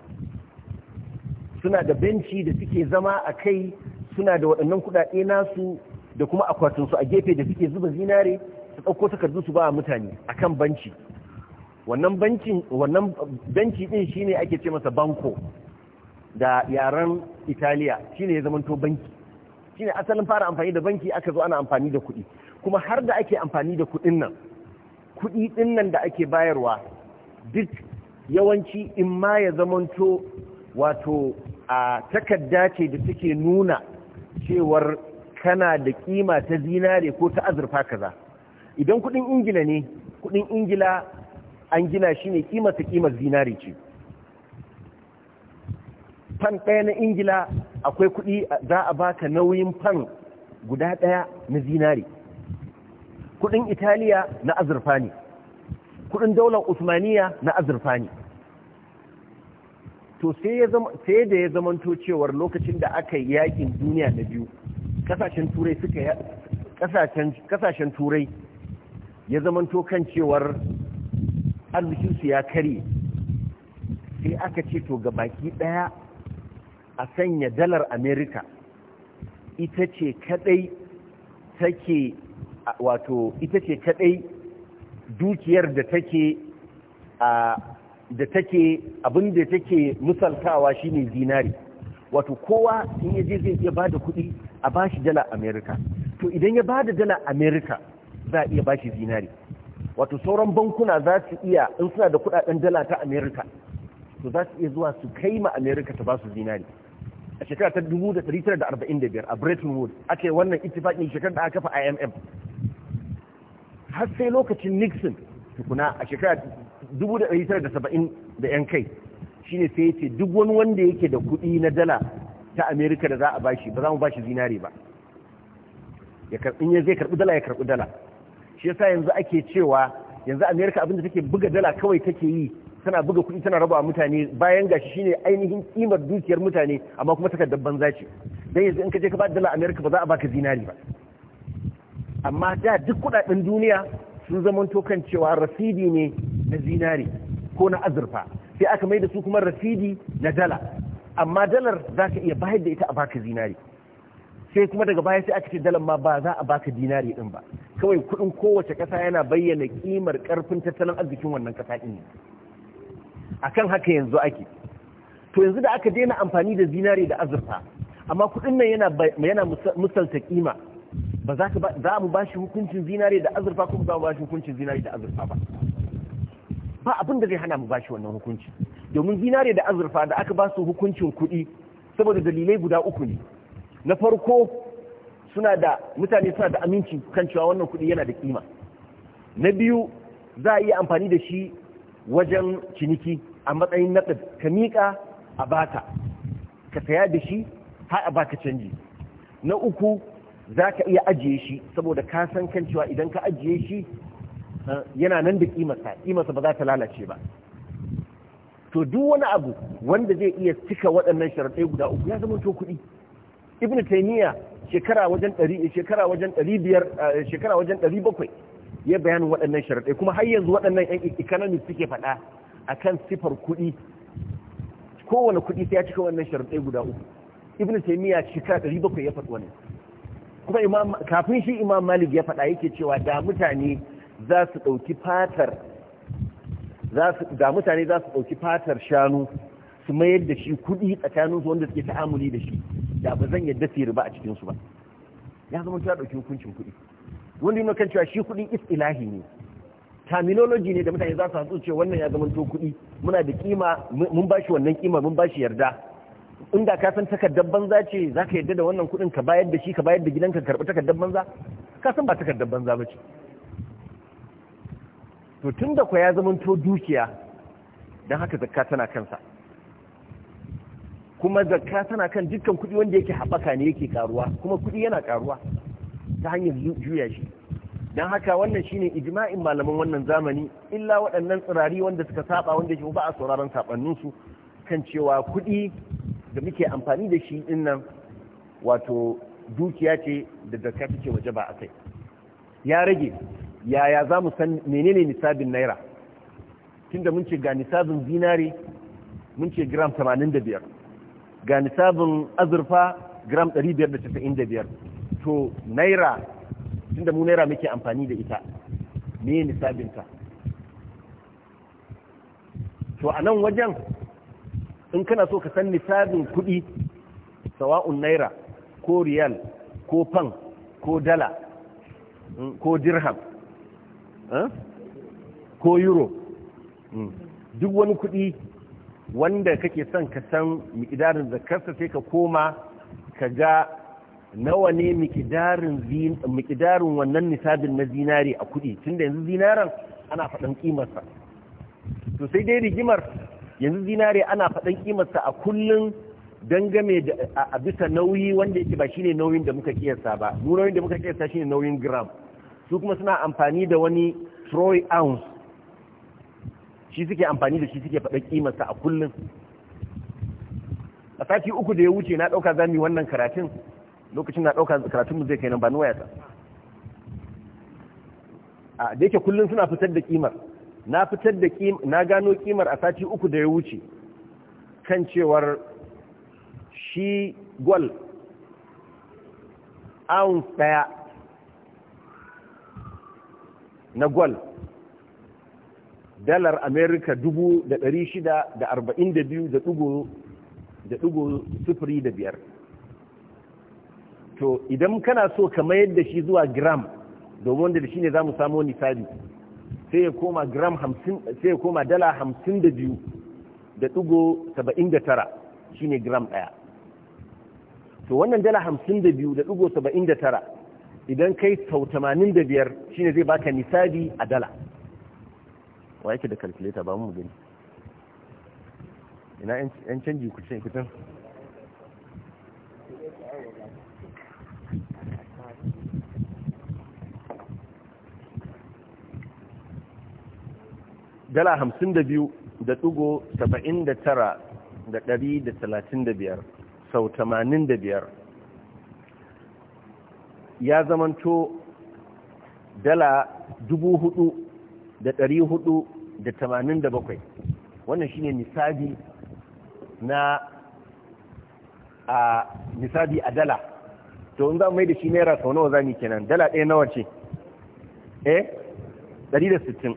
suna da benci da suke zama a kai suna da waɗannan kuɗaɗe nasu da kuma akwatinsu a gefe da suke zuba zinare su ɗauko takardu su ba mutane akan banci wannan bankin wannan banki ne ake ce masa banko da yaren Italiya shi ne ya zamanto banki shi ne asalin fara amfani da banki aka zo ana amfani da kuɗi kuma har da ake amfani da kuɗin nan kuɗi ɗin nan da ake bayarwa duk yawanci in ma ya zamanto wato a takarda ce da take nuna cewar kana da kima ta zinare ko ta azurfa kaza idan kuɗin ingila ne kuɗin ingila an gina shi ne kimar ta kimar zinare ce fan ɗaya na ingila akwai kuɗi za a baka nauyin fan guda ɗaya na zinare kudin italiya na azurfa ne kudin daular usmaniya na azurfa ne to sai da ya zamanto cewar lokacin da aka yi yakin duniya na biyu kasashen turai suka kasashen turai ya zamanto kan cewar arzikinsu ya karye sai aka ce to ga baki daya a sanya dalar Amerika, ita ce kadai take wato ita ce kadai dukiyar da take da take abin da take musaltawa shine zinari wato kowa in ya je zai iya da kuɗi a bashi dala america to idan ya ba da dala america za a iya bashi zinari wato sauran bankuna za su iya in suna da kuɗaɗen dala ta america to za su iya zuwa su kai ma america ta basu zinari a shekara ta 1945 a bretton woods ake wannan ittifaƙin shekarar da aka kafa imf har sai lokacin nixon tukuna a shekara 1970 da yan kai shine sai ce duk wani wanda yake da kuɗi na dala ta america da za a bashi ba za mu bashi zinare ba in ya zai karɓi dala ya karɓi dala shi yasa yanzu ake cewa yanzu america abinda take buga dala kawai take yi tana buga kuɗi tana raba mutane bayan gashi shine ainihin kimar dukiyar mutane amma kuma takardar banza ce dan yanzu in ka je ka ba dala america ba za a baka zinari ba amma da duk kudaden duniya sun zaman kan cewa rasidi ne na zinari ko na azurfa sai aka mai da su kuma rasidi na dala amma dalar za ka iya bayar da ita a baka zinari sai kuma daga baya sai aka ce dalar ma ba za a baka dinari din ba kawai kudin kowace kasa yana bayyana kimar karfin tattalin arzikin wannan kasa din akan haka yanzu ake to yanzu da aka daina amfani da zinari da azurfa amma kudin nan yana yana musalta kima ba za ka za mu bashi hukuncin zinare da azurfa ko za mu bashi hukuncin zinare da azurfa ba ba abin da zai hana mu bashi wannan hukunci domin zinare da azurfa da aka ba su hukuncin kuɗi saboda dalilai guda uku ne na farko suna da mutane suna da aminci kan cewa wannan kuɗi yana da kima na biyu za a iya amfani da shi wajen ciniki a matsayin naƙad ka miƙa a baka ka saya da shi har a baka canji na uku za ka iya ajiye shi saboda ka san kan cewa idan ka ajiye shi eh, yana nan da kimarsa kimarsa ba za ta lalace ba to duk wani abu wanda zai iya cika waɗannan sharaɗai guda uku ya zama to kuɗi ibn taymiya shekara wajen ɗari shekara wajen ɗari biyar eh, shekara wajen ɗari bakwai ya bayanin waɗannan sharaɗai kuma har yanzu waɗannan yan e-, economic suke faɗa akan sifar kuɗi kowane kuɗi sai ya cika wannan sharaɗai guda uku ibn taymiya shekara ɗari bakwai ya faɗi wannan kuma imam kafin shi imam malik ya faɗa yake cewa da mutane za su ɗauki fatar da mutane za su ɗauki fatar shanu su mayar da shi kuɗi tsakaninsu wanda suke ta'amuli da shi da ba zan yadda su riba a cikinsu ba ya zama cewa ɗauki hukuncin kuɗi wanda yi kan cewa shi kuɗi ilahi ne terminology ne da mutane za su hatsu cewa wannan ya zama to kuɗi muna da kima mun bashi wannan kima mun bashi yarda inda ka san takardar banza ce za ka yadda da wannan kuɗin ka bayar da shi ka bayar da gidanka karɓi takardar banza ka san ba takardar banza ba ce to tun da ku ya to dukiya don haka zakka tana kansa kuma zakka tana kan dukkan kuɗi wanda yake haɓaka ne yake karuwa kuma kuɗi yana karuwa ta hanyar juya shi don haka wannan shine ijma'in malaman wannan zamani illa waɗannan tsirari wanda suka saba wanda shi ba a sauraron su kan cewa kuɗi da muke amfani da shi din nan wato dukiya ce da zakka take waje ba kai. ya rage yaya za mu san menene nisabin naira tunda mun ce ga nisabin zinare mun ce gram 85 ga nisabin azurfa gram 595 to naira tunda mu naira muke amfani da ita me nisabinta to a nan wajen in kana so ka san nisabin kuɗi sawa'un naira ko riyal ko pan ko dala hmm, ko dirham eh, ko euro hmm. duk wani kuɗi wanda kake son ka san mikidarin zakarsa sai ka koma ka ga nawa ne mikidarin wannan nisabin na zinari a kuɗi tunda yanzu zinaran ana faɗin ƙimarsa to sai dai rigimar yanzu zinare ana faɗin kimarsa a kullum dangame da a bisa nauyi wanda yake ba shine nauyin da muka kiyasta ba mu nauyin da muka kiyasta shine nauyin gram su kuma suna amfani da wani troy ounce shi suke amfani da shi suke faɗin kimarsa a kullum a sati uku da ya wuce na ɗauka zami wannan karatun lokacin na ɗauka karatun mu zai kai nan ba ni wayata a da yake kullum suna fitar da kimar na fitar da na gano kimar a sati uku da ya wuce kan cewar shi gwal ounce daya na gwal dalar america dubu da dari shida da arba'in da biyu da dugu da dugu sufuri da biyar to idan kana so ka mayar da shi zuwa gram domin wanda da shi ne za mu samo nisabi sai ya koma gram hamsin sai ya koma dala hamsin da biyu da ɗigo saba'in da tara shine gram ɗaya to wannan dala hamsin da biyu da ɗigo saba'in da tara idan kai sau tamanin da biyar shi ne zai baka nisabi a dala wa yake da calculator ba mu gani ina yan canji kucin kucin dala hamsin da biyu da ɗigo saba'in da tara da ɗari da talatin da biyar sau tamanin da biyar ya zamanto dala dubu hudu da ɗari hudu da tamanin da bakwai wannan shine nisabi na a misali a dala to in za mai da shi naira sau nawa zami kenan dala ɗaya nawa ce eh sittin.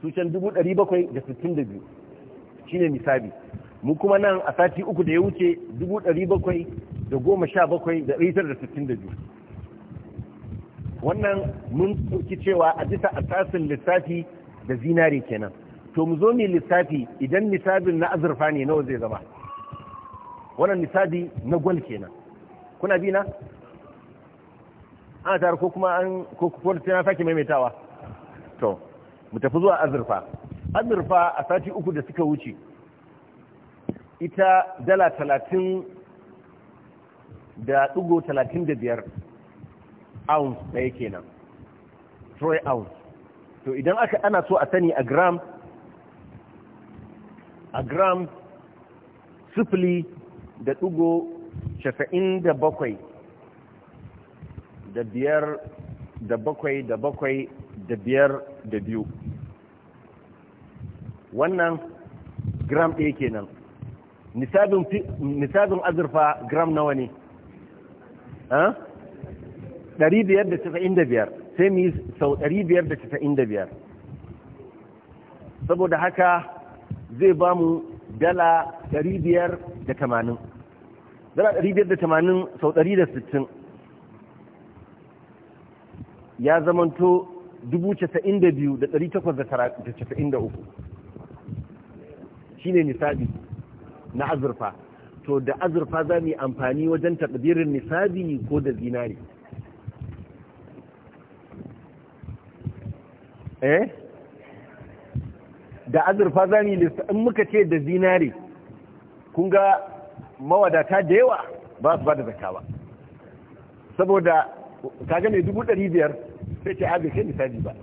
su can dubu ne bakwai da sittin da biyu shine misali mu kuma nan a sati uku da ya wuce dubu bakwai da goma sha bakwai da da sittin da biyu wannan mun ɗauki cewa a a asasin lissafi da zinare kenan to mu zo mu lissafi idan nisabin na azurfa ne nawa zai zama wannan lissafi na gwal kenan kuna bi na ana tare ko kuma an ko ko na sake maimaitawa to mu tafi zuwa azurfa azurfa a sati uku da suka wuce ita dala talatin da ɗigo talatin da biyar ounce yake kenan troy ounce to idan aka ana so a sani a gram a gram sifili da ɗigo casa'in da bakwai da biyar da bakwai da bakwai da biyar da biyu wannan gram ɗaya kenan nisabin azurfa gram nawa ne ɗari biyar da da biyar sai mu yi sau ɗari biyar da da biyar saboda haka zai ba mu dala ɗari biyar da tamanin dala ɗari biyar da tamanin sau ɗari da sittin ya zamanto 92,893 shi ne nisabi na azurfa to da azurfa za mu yi amfani wajen taɓadirin nisabi ko da zinari eh da azurfa za mu yi in muka ce da zinari kun ga mawadata da yawa ba su ba da zakawa saboda ka gane dubu biyar sai ce a kai nisabi ba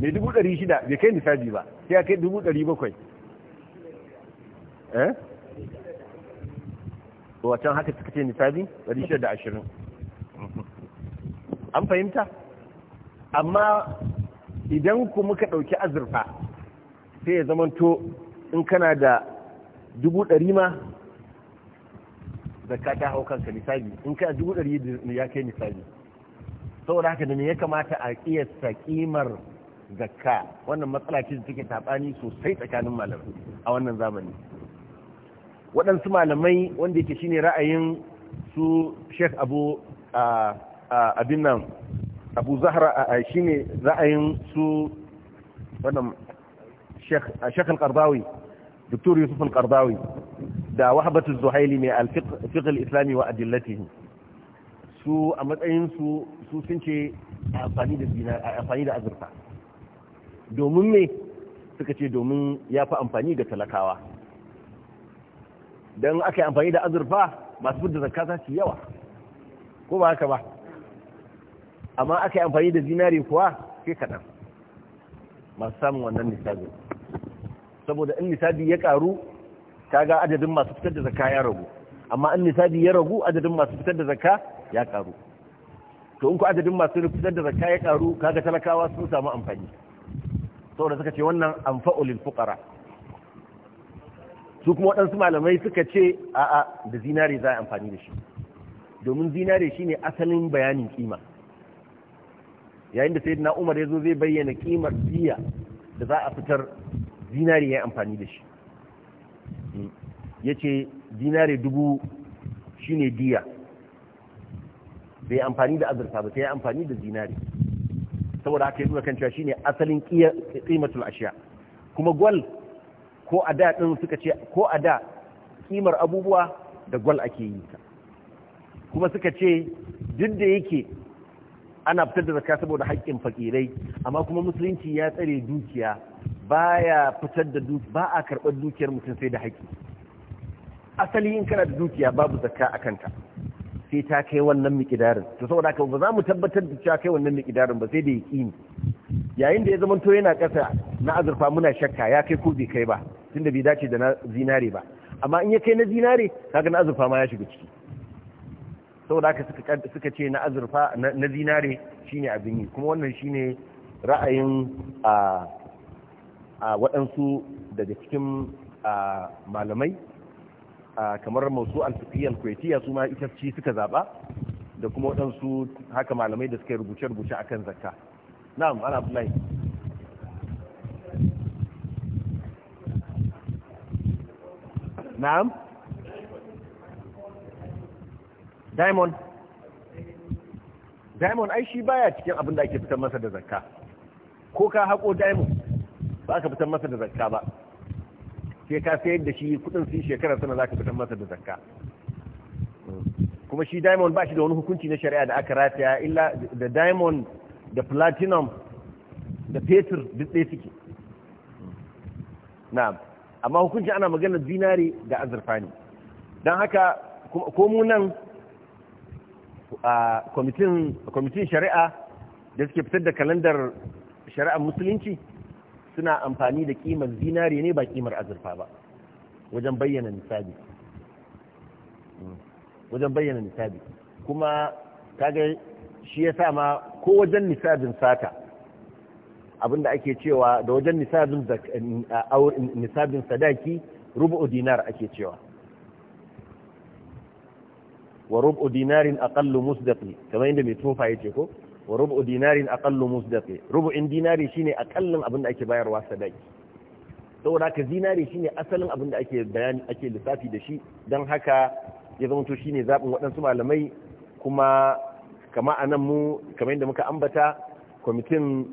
mai dubu ɗari shida bai kai nisabi ba sai ya kai dubu ɗari bakwai eh wacan haka suka ce nisabi ɗari shida da ashirin an fahimta amma idan ku muka ɗauki azurfa sai ya zamanto in kana da dubu ɗari ma zakka ta hau kanka nisabi in ka dubu ɗari ya kai nisabi saboda haka da ne ya kamata a kiyasta kimar zakka wannan matsala ce da take tabani sosai tsakanin malamai a wannan zamani waɗansu malamai wanda yake shine ra'ayin su Sheikh Abu abin nan Abu Zahra shine ra'ayin su wannan Sheikh Al-Qardawi Dr. Yusuf Al-Qardawi da Wahbatu Zuhaili mai al-fiqh al-islami wa adillatihi su a matsayinsu su sun ce amfani da azurfa domin me suka ce domin ya fi amfani da talakawa don aka yi amfani da azurfa masu fudda zakka za su yawa ko ba haka ba amma aka yi amfani da zinari kuwa sai kaɗan masu samun wannan nisabi saboda in nisabi ya ƙaru kaga adadin masu fitar da zakka ya ragu amma in nisabi ya ragu adadin masu fitar da zakka ya karu to in ku adadin masu fitar da zaka ya karu kaga talakawa sun samu amfani saboda suka ce wannan anfa'u lil fuqara su kuma waɗansu malamai suka ce a'a da zinare za a amfani da shi domin zinare shine asalin bayanin kima yayin da sayyidina Umar ya zo zai bayyana kimar diya da za a fitar zinare ya amfani da shi ya ce dinare dubu shine diya bai amfani da azurfa ba sai ya amfani da zinari saboda aka yi duka kan cewa ne asalin kimatul ashiya kuma gwal ko a da din suka ce ko a da kimar abubuwa da gwal ake yi ta kuma suka ce duk da yake ana fitar da zakka saboda haƙƙin fakirai amma kuma musulunci ya tsare dukiya baya fitar da dukiya ba a karɓar dukiyar mutum sai da haƙƙi asali in kana da dukiya babu zakka a kanta sai ta kai wannan mikidarin to saboda ka ba za mu tabbatar da ta kai wannan mikidarin ba sai da kini yayin da ya zama to yana ƙasa na azurfa muna shakka ya kai ko bai kai ba tunda bai dace da na zinare ba amma in ya kai na zinare kaga na azurfa ma ya shiga ciki saboda ka suka suka ce na azurfa na zinare shine abin yi kuma wannan shine ra'ayin a a waɗansu daga cikin malamai kamar masu alfiqiyya al su ma ita ce suka zaba da kuma waɗansu haka malamai da suka rubuce rubuce akan zakka na'am ana abdullahi na'am diamond diamond ai shi baya cikin abin da ake fitar masa da zakka ko ka haƙo diamond ba ka fitar masa da zakka ba sai ka sayar da shi kudin sun shekara sana za ka fitar masa da zakka kuma shi diamond ba shi da wani hukunci na shari'a da aka rataya illa da diamond da platinum da fetur duk ɗaya suke na amma hukunci ana magana zinari da azurfani ne don haka ko mu kwamitin shari'a da suke fitar da kalandar shari'ar musulunci suna amfani da kimar zinare ne ba kimar azurfa ba wajen bayyana nisabi hmm. wajen bayyana nisabi kuma kaga shi ya sa ma ko wajen nisabin sata abinda ake cewa da wajen nisabin eh, nisabin sadaki rubu dinar ake cewa wa rubu dinarin aqallu musdaqi kamar inda mai tofa ce ko wa rubu dinarin aqallu musdaqi rubu dinari shine aqallin abinda ake bayarwa sadaki saboda ka zinari shine asalin abin da ake bayani ake lissafi da shi dan haka ya zama to shine zabin waɗansu malamai kuma kama a mu kamar yadda muka ambata kwamitin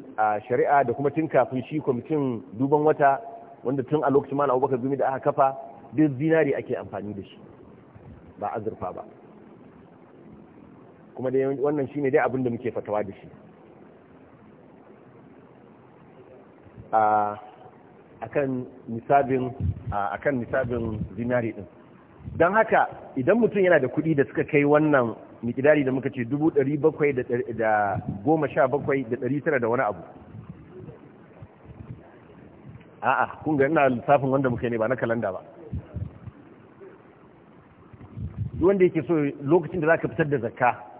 shari'a da kuma tun kafin shi kwamitin duban wata wanda tun a lokacin malam abubakar gumi da aka kafa duk zinari ake amfani da shi ba azurfa ba kuma dai wannan shi ne dai abin da muke fatawa da shi akan nisabin nisabin zinari din don haka idan mutum yana da kuɗi da suka kai wannan mikidari da muka ce dubu bakwai da goma sha bakwai da tara da wani abu a'a kun ga ina lissafin wanda muka ne ba na kalanda ba duk wanda yake so lokacin da za ka fitar da zakka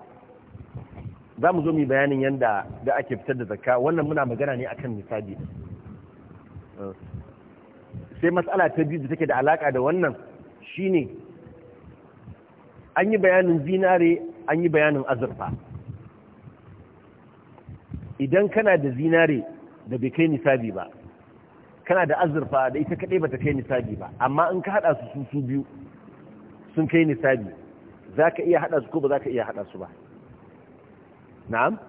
za mu zo mu bayanin yadda da ake fitar da zakka wannan muna magana ne akan misali sai matsala ta biyu da take da alaka da wannan shine an yi bayanin zinare an yi bayanin azurfa idan kana da zinare da bai kai nisabi ba kana da azurfa da ita kaɗai bata kai nisabi ba amma in ka haɗa su su biyu sun kai nisabi za ka iya haɗa su ko ba za ka iya haɗa su ba na'am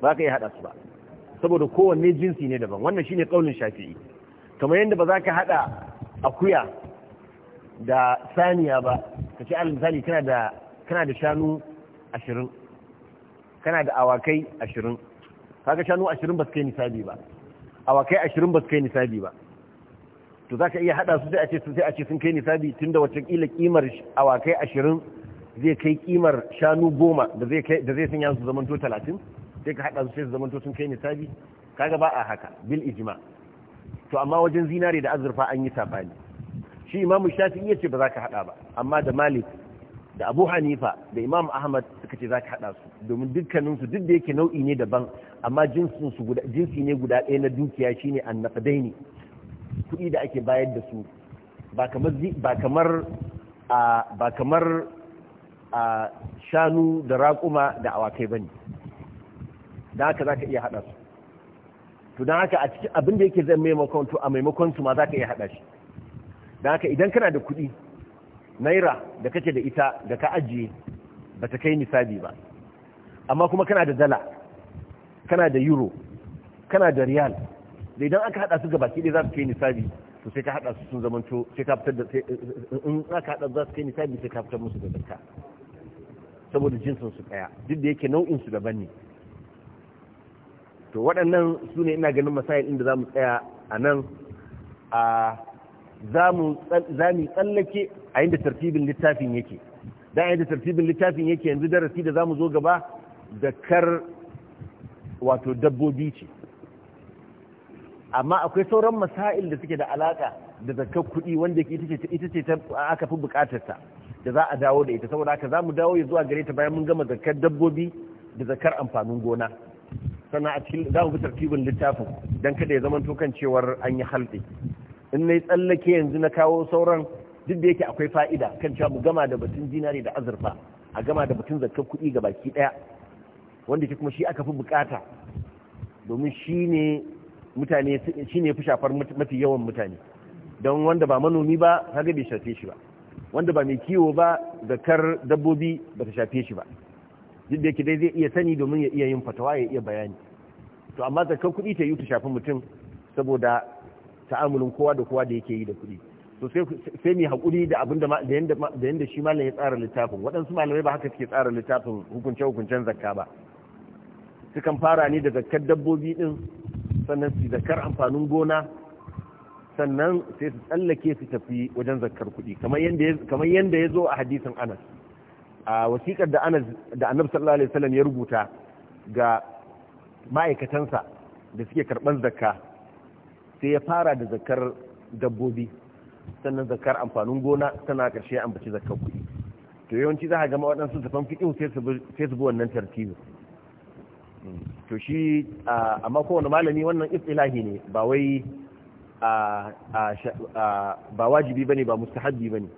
ba ka yi haɗa su ba saboda kowanne jinsi ne daban wannan shine kaulin shafi'i kamar yadda ba za ka haɗa akuya da saniya ba ka ce alal misali kana da kana da shanu ashirin kana da awakai ashirin kaga shanu ashirin ba su kai nisabi ba awakai ashirin ba su kai nisabi ba to za ka iya haɗa su sai a ce sun kai nisabi tunda wacce kila kimar awakai ashirin zai kai kimar shanu goma da zai sanya su zamanto talatin sai ka haɗa su sai su zamanto sun kai nisabi kaga ba a haka bil ijma to amma wajen zinare da azurfa an yi sabani shi imamu iya ce ba za ka haɗa ba amma da malik da abu hanifa da imam ahmad suka ce za ka haɗa su domin dukkaninsu duk da yake nau'i ne daban amma jinsi ne guda ɗaya na dukiya shine annafadaini kuɗi da ake bayar da su ba ba kamar a shanu da raƙuma da awakai bane da haka zaka iya hada su to dan haka a cikin abin da yake zan maimakon to a maimakon su ma zaka iya hada shi dan haka idan kana da kuɗi naira da kake da ita da ka ajiye ba ta kai nisabi ba amma kuma kana da dala kana da euro kana da riyal da idan aka hada su ga baki dai za su kai nisabi to sai ka hada su sun zamanto sai ka fitar da in aka hada za su kai nisabi sai ka fitar musu da zakka saboda jinsin su daya duk da yake nau'in su daban ne to waɗannan su ne ina ganin masayin inda za mu tsaya a nan a za mu tsallake a inda tartibin littafin yake don yadda tartibin littafin yake yanzu darasi da za mu zo gaba da kar wato dabbobi ce amma akwai sauran masail da suke da alaka da zakar kuɗi wanda ita ce ta aka fi bukatarsa da za a dawo da ita saboda haka za mu dawo ya zuwa gare ta bayan mun gama zakar dabbobi da zakar amfanin gona sannan a cikin za mu bi tartibin littafin don kada ya zama kan cewar an yi halɗe in na tsallake yanzu na kawo sauran duk da yake akwai fa'ida kan cewa mu gama da batun dinari da azurfa a gama da batun zakar kuɗi ga baki ɗaya wanda ke kuma shi aka fi bukata domin shi ne mutane shi ne fi shafar mafi yawan mutane don wanda ba manomi ba kaga bai shafe shi ba wanda ba mai kiwo ba zakar dabbobi ba ta shafe shi ba duk da yake dai zai iya sani domin ya iya yin fatawa ya iya bayani to amma zakar kuɗi ta yi ta shafi mutum saboda ta'amulin kowa da kowa da yake yi da kuɗi to sai mai haƙuri da abin da yanda shi malam ya tsara littafin waɗansu malamai ba haka suke tsara littafin hukunce hukuncen zakka ba sukan fara ne da zakkar dabbobi din sannan su zakkar amfanin gona sannan sai su tsallake su tafi wajen zakar kuɗi kamar yadda ya zo a hadisin anas a wasiƙar da anas da annabi sallallahu alaihi wasallam ya rubuta ga ma'aikatansa da suke karɓar zakka sai ya fara da zakar dabbobi sannan zakar amfanin gona tana ƙarshe ambaci zakar kuɗi to yawanci za a gama waɗansu zafan fiƙin sai su bi wannan tartibin to shi amma kowane malami wannan ifilahi ne ba wai ba wajibi bane ba mustahabbi bane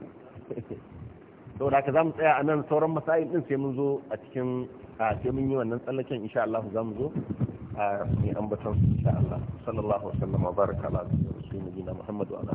(laughs) da ka zamu tsaya anan sauran masail din sai mun zo a cikin sai mun yi wannan tsallaken insha Allah za mu zo a mai ambaton insha Allah sallallahu alaihi wa sallam wa baraka ala rasulina Muhammad wa ala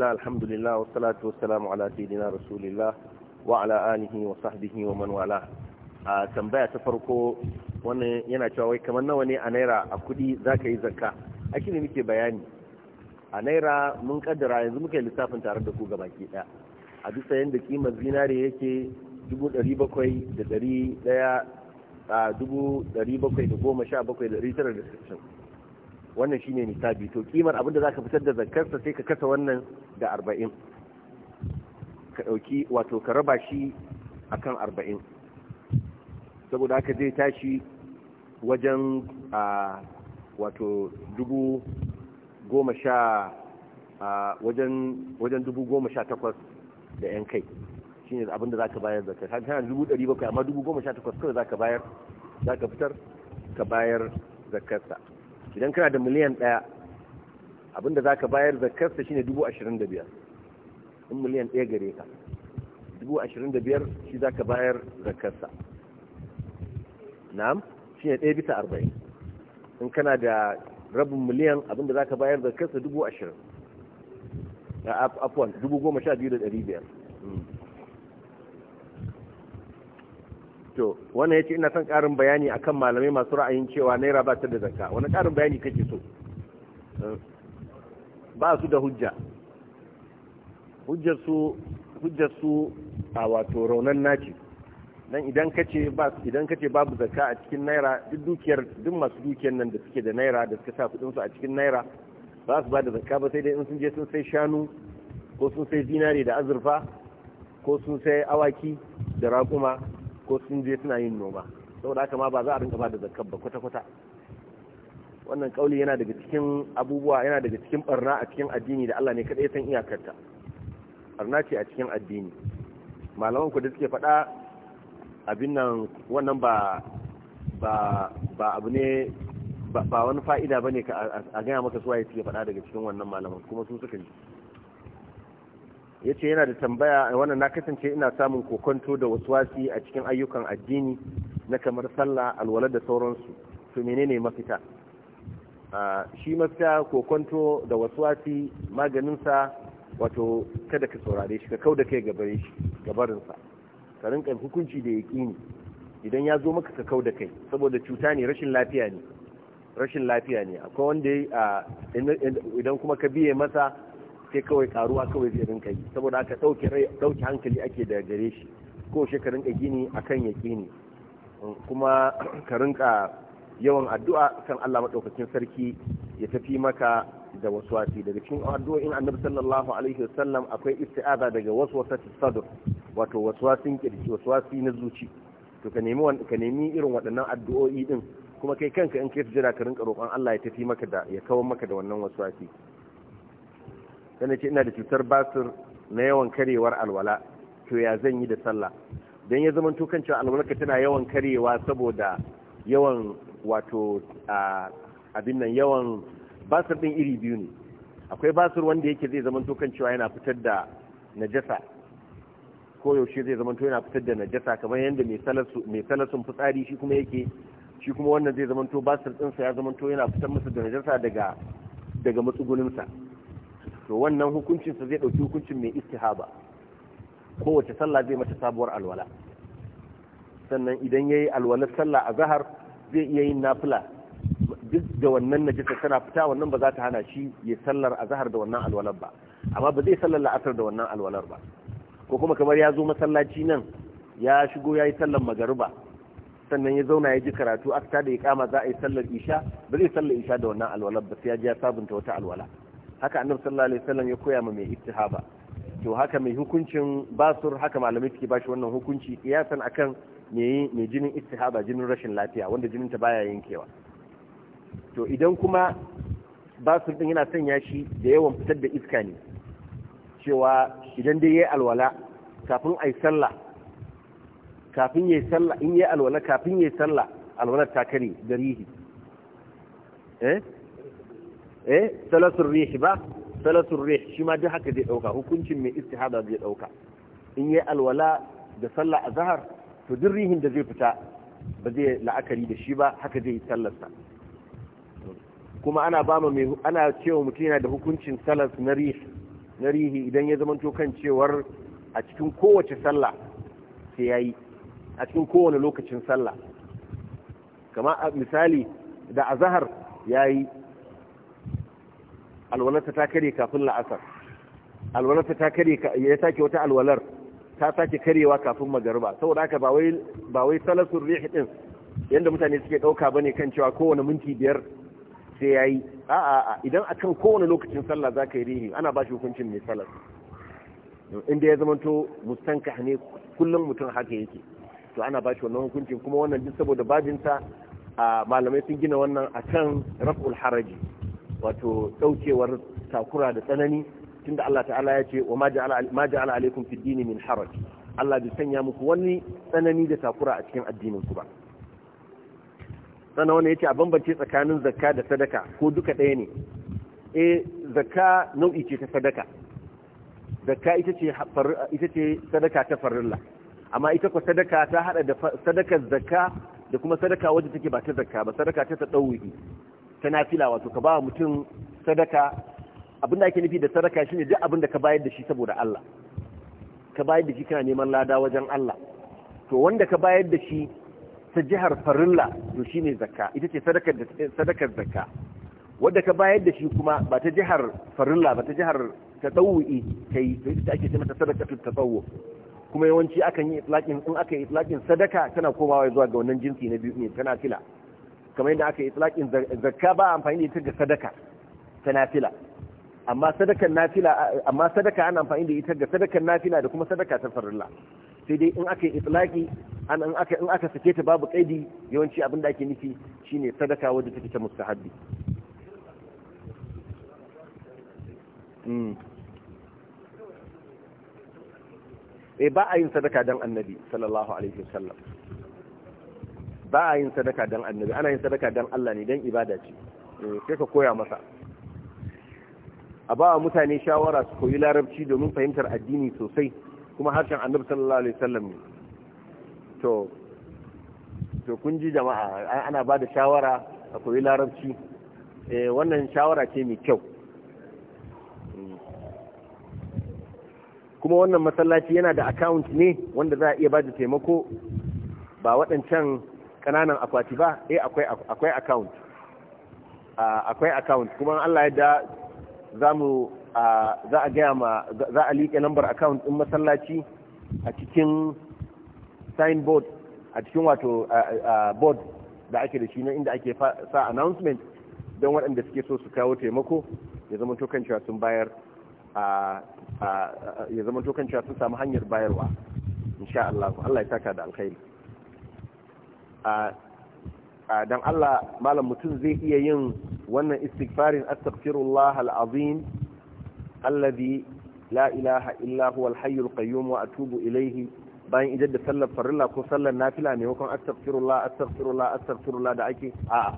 bismillah alhamdulillah wassalatu wassalamu ala sayyidina rasulillah wa ala alihi wa sahbihi wa man wala a tambaya ta farko wannan yana cewa wai kamar nawa ne a naira a kudi zaka yi zakka ashi ne muke bayani a naira mun kaddara yanzu muke lissafin tare da ku gaba ki daya a bisa yanda ƙimar zinari yake dubu ɗari bakwai da ɗari ɗaya a dubu ɗari bakwai da goma sha bakwai da ɗari tara da sittin wannan shi nisa nisabi to kimar abin da zaka fitar da zakarsa sai ka kasa wannan da arba'in ka ɗauki wato ka raba shi akan arba'in saboda haka zai tashi wajen a wato dubu goma sha wajen dubu goma sha takwas da yan kai shi ne abin da zaka bayar zakar har tana dubu ɗari bakwai amma dubu goma sha takwas kawai zaka bayar ka fitar ka bayar zakarsa idan kana da miliyan ɗaya abinda za ka bayar zakarsa shine dubu ashirin da biyar in miliyan ɗaya gare ka dubu ashirin da biyar shi za ka bayar zakarsa na'am ne ɗaya bisa arba'in in kana da rabin miliyan abinda za ka bayar zakarsa dubu ashirin afuwan dubu goma sha biyu da ɗari biyar hmm. to wannan yace ina son karin bayani akan malamai masu ra'ayin cewa naira ba ta da zakka wani ƙarin bayani kake so eh, ba su da hujja hujjar su hujjar su a wato raunan naci dan idan kace ba idan kace babu zakka a cikin naira duk dukiyar duk masu dukiyar nan da suke da naira da suka sa kudin su a cikin naira ba su ba da zakka ba sai dai in sun je sun sai shanu ko sun sai dinari da azurfa ko sun sai awaki da raƙuma ko sun je suna yin noma saboda haka ma ba za a rinka ba da zakkar ba kwata-kwata wannan kauli yana daga cikin abubuwa yana daga cikin barna a cikin addini da Allah ne kadai san iyakarta barna ce a cikin addini malaman ku da suke faɗa abin nan wannan ba ba ba abu ne ba wani fa'ida bane ka a gaya maka suwaye suke faɗa daga cikin wannan malaman kuma su suka ji ya ce yana da tambaya wannan na kasance ina samun kokonto da wasuwasi a cikin ayyukan addini na kamar sallah alwala da sauransu to menene mafita shi mafita kokonto da wasuwasi maganinsa wato kada ka saurare shi ka kau da kai gabare shi gabarinsa ka rinka hukunci da ya yaƙini idan ya zo maka ka kau da kai saboda cuta ne rashin lafiya ne rashin lafiya ne akwai wanda idan kuma ka biye masa sai kawai karuwa kawai zai rinka yi saboda aka ɗauke hankali ake da gare shi ko shi ka rinka gini akan ne kuma ka rinka yawan addu'a kan Allah maɗaukakin sarki ya tafi maka da waswasi daga cikin addu'o'in annabi sallallahu alaihi wasallam akwai isti'aza daga waswasati sadr wato waswasin kirki waswasi na zuci to ka nemi ka nemi irin waɗannan addu'o'i din kuma kai kanka in kai jira ka rinka roƙon Allah ya tafi maka da ya kawo maka da wannan waswasi sannan ce ina da cutar basir na yawan karewar alwala to ya zan yi da sallah don ya zama tukancin cewa alwalarka tana yawan karewa saboda yawan wato abin nan yawan basir din iri biyu ne akwai basir wanda yake zai zama tukan cewa yana fitar da najasa ko yaushe zai zama yana fitar da najasa kamar yadda mai salasun fitsari shi kuma yake shi kuma wannan zai zama to basir ɗinsa ya zama yana fitar masa da najasa daga daga sa to wannan hukuncinsa zai ɗauki hukuncin mai istihaba kowace sallah zai mata sabuwar alwala sannan idan ya yi alwalar sallah a zahar zai iya yin nafila duk da wannan jisa tana fita wannan ba za ta hana shi ya sallar a zahar da wannan alwalar ba amma ba zai sallar la'asar da wannan alwalar ba ko kuma kamar ya zo masallaci nan ya shigo ya yi sallar magariba sannan ya zauna ya ji karatu ta da ya kama za a yi sallar isha ba zai sallar isha da wannan alwalar ba sai ya ji ya sabunta wata alwala haka annabi sallallahu alaihi wasallam ya koya ma mai ittihaba to haka mai hukuncin basur haka malamai suke bashi wannan hukunci kiyasan akan me mai jinin ittihaba jinin rashin lafiya wanda jinin ta baya yankewa to idan kuma basur din yana sanya shi da yawan fitar da iska ne cewa idan dai yayi alwala kafin ai sallah kafin yayi sallah in yayi alwala kafin yayi sallah alwala ta kare da eh eh salatul rih ba salatul rih shi ma duk haka zai dauka hukuncin mai istihada zai dauka in yayi alwala da sallah azhar to duk rihin da zai fita ba zai la'akari da shi ba haka zai yi sallarsa kuma ana ba mai ana cewa mutum yana da hukuncin salas na rihi na rihi idan ya zamanto kan cewar a cikin kowace sallah sai yayi a cikin kowane lokacin sallah kama misali da azhar yayi alwalarta ta kare kafin la'asar alwalarta ta kare ya sake wata alwalar ta sake karewa kafin magariba saboda haka ba wai salasun rihi din yadda mutane suke ɗauka ba ne kan cewa kowane minti biyar sai ya yi a'a idan a kan kowane lokacin sallah za ka yi rihi ana ba shi hukuncin mai salas inda ya zama to mustanka ne kullum mutum haka yake to ana ba shi wannan hukuncin kuma wannan duk saboda babinsa malamai sun gina wannan akan raf'ul haraji wato daukewar takura da tsanani tunda Allah ta'ala ya ce wa ma ja'ala alaikum fid dini min haraj Allah bai sanya muku wani tsanani da takura a cikin addinin ku ba sannan wani yace a bambance tsakanin zakka da sadaka ko duka ɗaya ne eh zakka nau'i ce ta sadaka zakka ita ce ita ce sadaka ta farilla amma ita ko sadaka ta hada da sadakar zakka da kuma sadaka wadda take ba ta zakka ba sadaka ta tadawi ta nafila wato ka ba mutum sadaka abin da ake nufi da sadaka shine duk da ka bayar da shi saboda Allah ka bayar da shi kana neman lada wajen Allah to wanda ka bayar da shi ta jihar farilla to shine zakka ita ce sadakar sadakar zakka wanda ka bayar da shi kuma ba ta jihar farilla ba ta jihar tatawu'i kai ita ake ce mata tatawwu kuma yawanci akan yi itlaqin in aka yi itlaqin sadaka tana komawa zuwa ga wannan jinsi na biyu ne eh, tana fila kamar yadda aka yi itlaqin zakka ba amfani da ita ga sadaka ta nafila amma nafila amma sadaka ana amfani da ita ga sadaka nafila da kuma sadaka ta farilla sai dai in aka yi itlaqi an in aka in aka sake ta babu kaidi yawanci abin da ake nufi shine sadaka wadda take ta mustahabbi hmm. eh ba a yin sadaka dan annabi sallallahu alaihi wasallam ba a yin sadaka don annabi ana yin sadaka don Allah ne don ibada ce eh, sai ka koya masa a ba mutane shawara su koyi larabci domin fahimtar addini sosai kuma harshen annabi sallallahu alaihi wasallam ne to to kun ji jama'a ana ba da shawara a koyi larabci eh, wannan shawara ce mai kyau kuma wannan masallaci yana da account ne wanda za a iya ba da taimako ba waɗancan kananan akwati ba eh akwai akwai account ah, akwai account kuma Allah ya da zamu ah, za a gaya ma za a liƙe number account din masallaci a cikin board a cikin wato ah, board da ake da shi na inda ake sa announcement don waɗanda suke so su kawo taimako ya zama tokan cewa sun bayar ya zama tokan cewa sun samu hanyar bayarwa insha Allah Allah ya saka da alkhairi dan Allah malam mutum zai iya yin wannan istighfarin astaghfirullah alazim alladhi la ilaha illa huwa alhayyul qayyum wa atubu ilayhi bayan idan da sallar farilla ko sallar nafila ne hukun astaghfirullah astaghfirullah astaghfirullah da ake a'a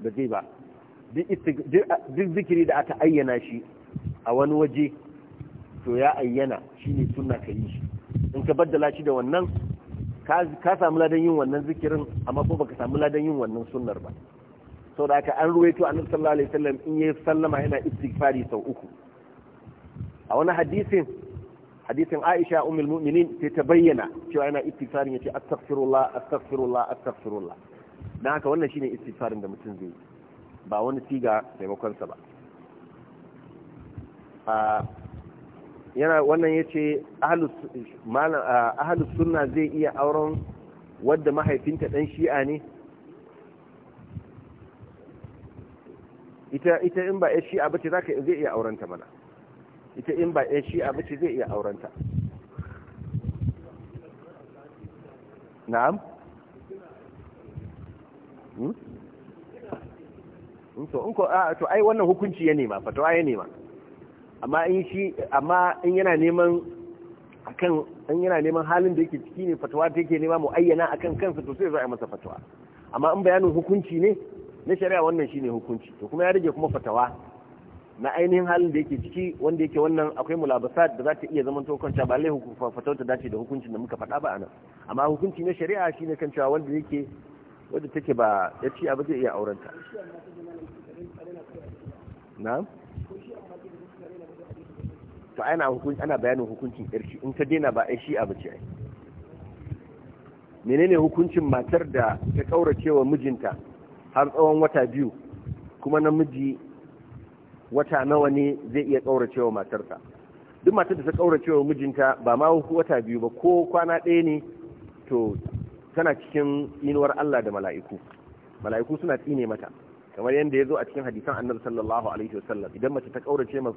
da zai ba duk zikiri da aka ayyana shi a wani waje to ya ayyana shine sunna ka shi in ka baddala shi da wannan ka samu ladan yin wannan zikirin amma ko baka samu ladan yin wannan sunnar ba sau da aka an ruwaito annabi sallallahu alaihi wasallam in yayi sallama yana istighfari sau uku a wani hadisin hadisin Aisha ummul mu'minin sai ta bayyana cewa yana istighfarin yace astaghfirullah astaghfirullah astaghfirullah dan haka wannan shine istighfarin da mutum zai ba wani siga maimakon sa ba ah, yana wannan ya ce ahalus suna zai iya auren wadda mahaifinta ɗan shi'a ne ita in ba ya shi'a bace za ka zai iya aurenta mana ita in ba ya shi'a bace zai iya aurenta na'am hmm? in ko a to ai wannan hukunci ya nema fatawa ya nema amma in shi amma in yana neman akan in yana neman halin da yake ciki ne fatawa ta yake nema mu ayyana akan kansa to sai zo a masa fatawa amma in bayanin hukunci ne na shari'a wannan shine hukunci to kuma ya rage kuma fatawa na ainihin halin da yake ciki wanda yake wannan akwai mulabasat da za ta iya zama to kanta ba lai fatawar ta dace da hukuncin da muka faɗa ba anan amma hukunci na shari'a shine kan cewa wanda yake wanda take ba ya ci abu zai iya aurenta na'am to ana hukunci ana bayanin hukuncin yarki in ta daina ba ai a bace ai menene hukuncin matar da ta kaurace mijinta har tsawon wata biyu kuma namiji wata nawa ne zai iya kaurace wa matarsa duk matar da ta kaurace mijinta ba ma wata biyu ba ko kwana ɗaya ne to tana cikin inuwar Allah da mala'iku mala'iku suna tsine mata kamar yadda ya zo a cikin hadisan annabi sallallahu alaihi wasallam idan mace ta kaurace ma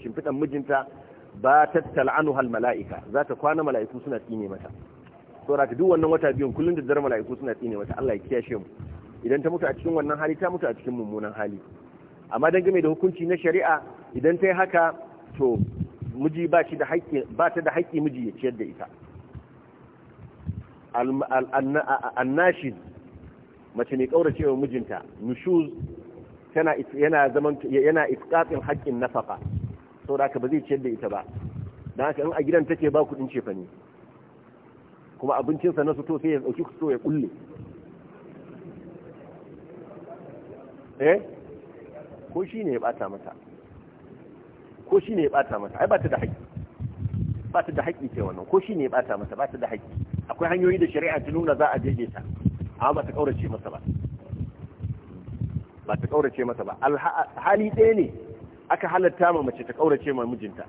shimfiɗan mijinta ba ta hal mala'ika za ta kwana mala'iku suna tsine mata saboda duk wannan wata biyun kullum da dare mala'iku suna tsine mata Allah ya kiyashe mu idan ta mutu a cikin wannan hali ta mutu a cikin mummunan hali amma dan game da hukunci na shari'a idan ta yi haka to miji ba shi da haƙƙi ba ta da haƙƙi miji ya ciyar da ita annashid mace mai kaura cewa mijinta nushuz tana yana zaman yana isqatin haƙƙin nafaka saboda haka ba zai ciyar da ita ba dan haka in a gidan take ba kudin cefa ne kuma abincinsa na to sai ya dauki so ya kulle eh ko shi ne ya bata mata ko shi ne ya bata mata ai bata da haƙƙi bata da haƙƙi ce wannan ko shi ne ya bata mata bata da haƙƙi akwai hanyoyi da shari'a ta nuna za a daidaita amma ba ta kaurace masa ba ba ta kaurace masa ba hali ɗaya ne aka halatta ma mace ta kaurace ma mijinta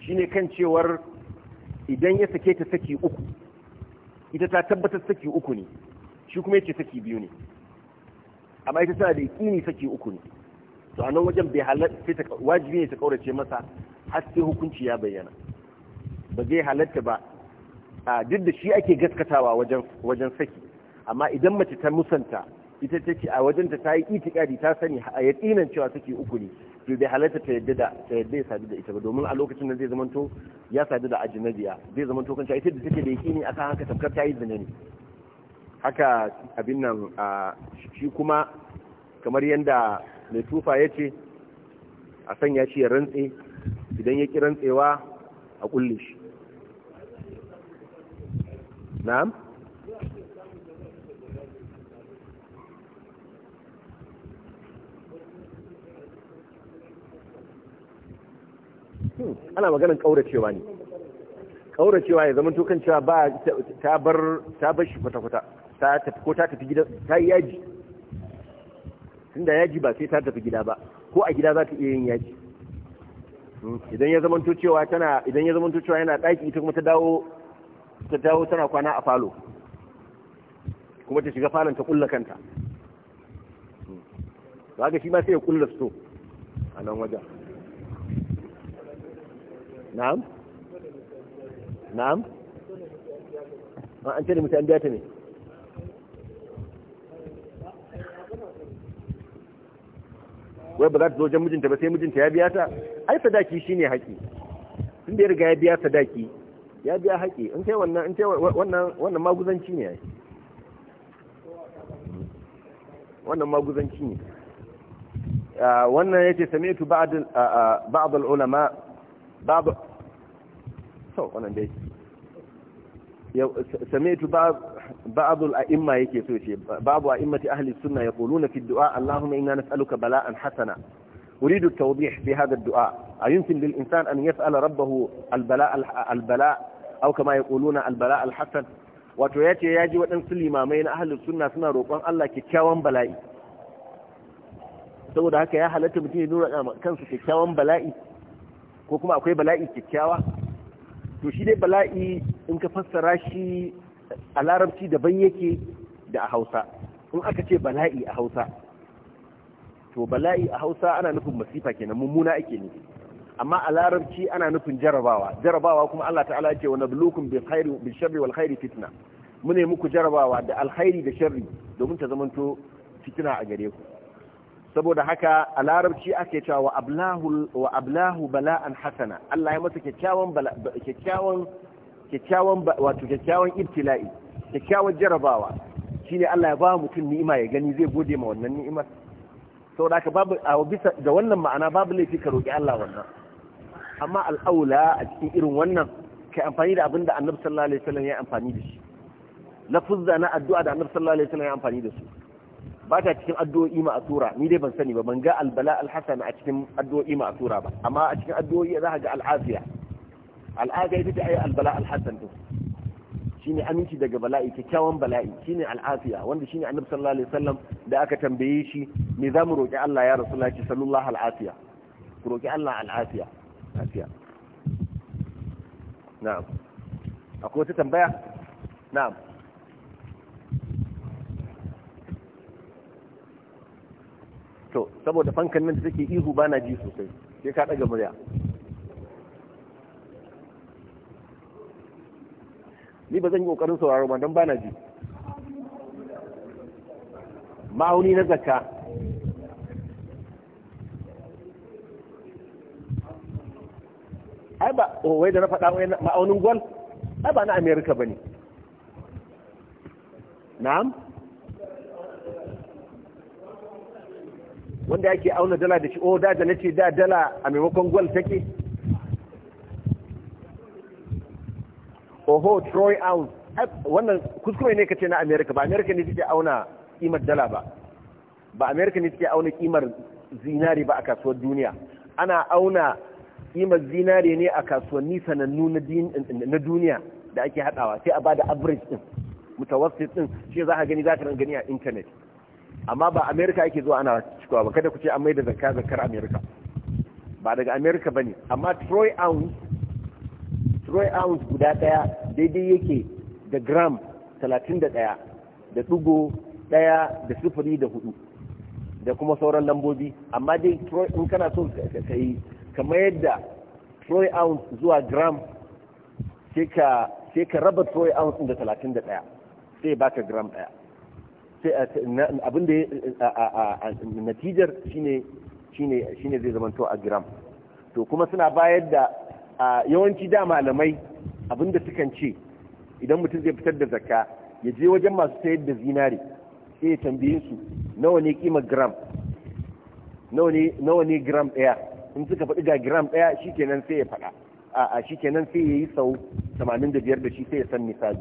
shine kan cewar idan ya sake ta saki uku ita ta tabbatar saki uku ne shi kuma yace saki biyu ne amma ita tana da yaƙini saki uku ne to anan wajen bai halatta wajibi ne ta kaurace masa har sai hukunci ya bayyana ba zai halatta ba a duk da shi ake gaskatawa wajen saki amma idan mace ta musanta ita ta ce a wajenta ta yi itikadi ta sani a yaƙinan cewa take uku ne to bai halatta ta yadda da ta yadda ya sadu da ita ba domin a lokacin da zai zamanto ya sadu da ajinabiya zai zamanto a ita da take da yaƙini akan haka tafkar ta yi zina ne haka abin nan shi kuma kamar yadda mai tufa ya ce a sanya shi ya rantse idan ya ki rantsewa a kulle shi na'am ana maganin kauracewa ne kauracewa ya zaman tukan cewa ba ta bar ta bar shi kwata-kwata ta tafi ko ta tafi gida ta yi yaji tunda yaji ba sai ta tafi gida ba ko a gida za ta iya yin yaji hmm, idan ya zaman cewa tana idan ya zaman cewa yana ɗaki ita kuma ta dawo ta dawo tana kwana a falo kuma ta shiga falon ta kulla kanta ba hmm. ga shi ma sai ya kulla sto a nan wajen na'am na'am ah, an ce da mutu an biya ta ne wai ba za ta zo wajen mijinta ba sai mijinta ya biya ta ai sadaki shi ne haƙi tun da ya riga ya biya sadaki ya biya haƙi in kai wannan maguzanci ne ai wannan maguzanci ne ah, wannan yace sami'tu ba'd ah, ba'd al-ulama babu sau wannan dai سمعت بعض بعض الأئمة يكتوشي بعض أئمة أهل السنة يقولون في الدعاء اللهم إنا نسألك بلاء حسنا أريد التوضيح في هذا الدعاء أيمكن للإنسان أن يسأل ربه البلاء البلاء أو كما يقولون البلاء الحسن وتوياتي ياجي سلم بين أهل السنة سنة روقان الله ككاوان بلائي saboda haka يا حالتي mutum ya nuna kansa kyakkyawan ko kuma akwai bala'i kyakkyawa to shi dai bala'i in ka fassara shi a larabci daban yake da a hausa in aka ce bala'i a hausa to bala'i a hausa ana nufin masifa kenan mummuna ake nufi amma a larabci ana nufin jarabawa jarabawa kuma Allah ta'ala ya ce wa nablukum bil khairi bil sharri wal khairi fitna mune muku jarabawa da alkhairi da sharri domin ta zamanto fitina a gare ku saboda haka a larabci ake cewa wa ablahu wa ablahu bala'an hasana Allah ya masa kyakkyawan kyakkyawan kyakkyawan wato kyakkyawan ibtila'i kyakkyawan jarabawa shine Allah ya ba mutum ni'ima ya gani zai gode ma wannan ni'imar saboda haka babu a bisa da wannan ma'ana babu laifi ka roki Allah wannan amma al'aula a cikin irin wannan kai amfani da abin da Annabi sallallahu alaihi wasallam ya amfani da shi lafuzza na addu'a da Annabi sallallahu alaihi wasallam ya amfani da su ba ta cikin addu'o'i asura ni dai ban sani ba ban ga albala alhasan a cikin addu'o'i asura ba amma a cikin addu'o'i za ka ga al'afiya al'afiya ita ce ai albala alhasan din shine aminci daga bala'i kyakkyawan bala'i shine al'afiya wanda shine annabi sallallahu alaihi wasallam da aka tambaye shi me za mu roki Allah ya rasulullahi sallallahu al'afiya ku roki Allah al'afiya afiya na'am akwai wata tambaya na'am to saboda fankan nan da take ihu ba na ji sosai sai ka ɗaga murya ni ba zan yi ƙoƙarin sauraro ba don ba na ji ma'auni na zakka ai ba oh, wai da na faɗa ma'aunin gwal ai ba na amerika ba ne na'am wanda ake auna dala da shi oh da da nace da dala a maimakon gwal take oho troy ounce wannan kuskure ne kace na america ba america ne suke auna kimar dala ba ba america ne suke auna kimar zinari ba a kasuwar duniya ana auna kimar zinari ne a kasuwanni sanannu na duniya da ake hadawa sai a bada average din mutawassit din shi za ka gani za ka gani a internet amma ba amerika ake zuwa ana cikowa ba kada ku ce an mai da zakka zakkar amerika ba daga amerika ba ne amma troy ounce troy ounce guda daya daidai yake da gram 31 da dugo daya da sufuri da hudu da kuma sauran lambobi amma dai troy in kana so ka yi kamar yadda troy ounce zuwa gram sai ka raba troy ounce da 31 sai baka gram daya abin da natijar ne zai zamanto a gram to kuma suna bayar da yawanci da malamai abin da sukan ce idan mutum zai fitar da zakka ya je wajen masu sayar da zinari sai ya tambayi su nawa ne kima gram nawa ne gram ɗaya in suka faɗi ga gram ɗaya shikenan sai ya faɗa a shikenan sai ya yi sau 85 da shi sai ya san misali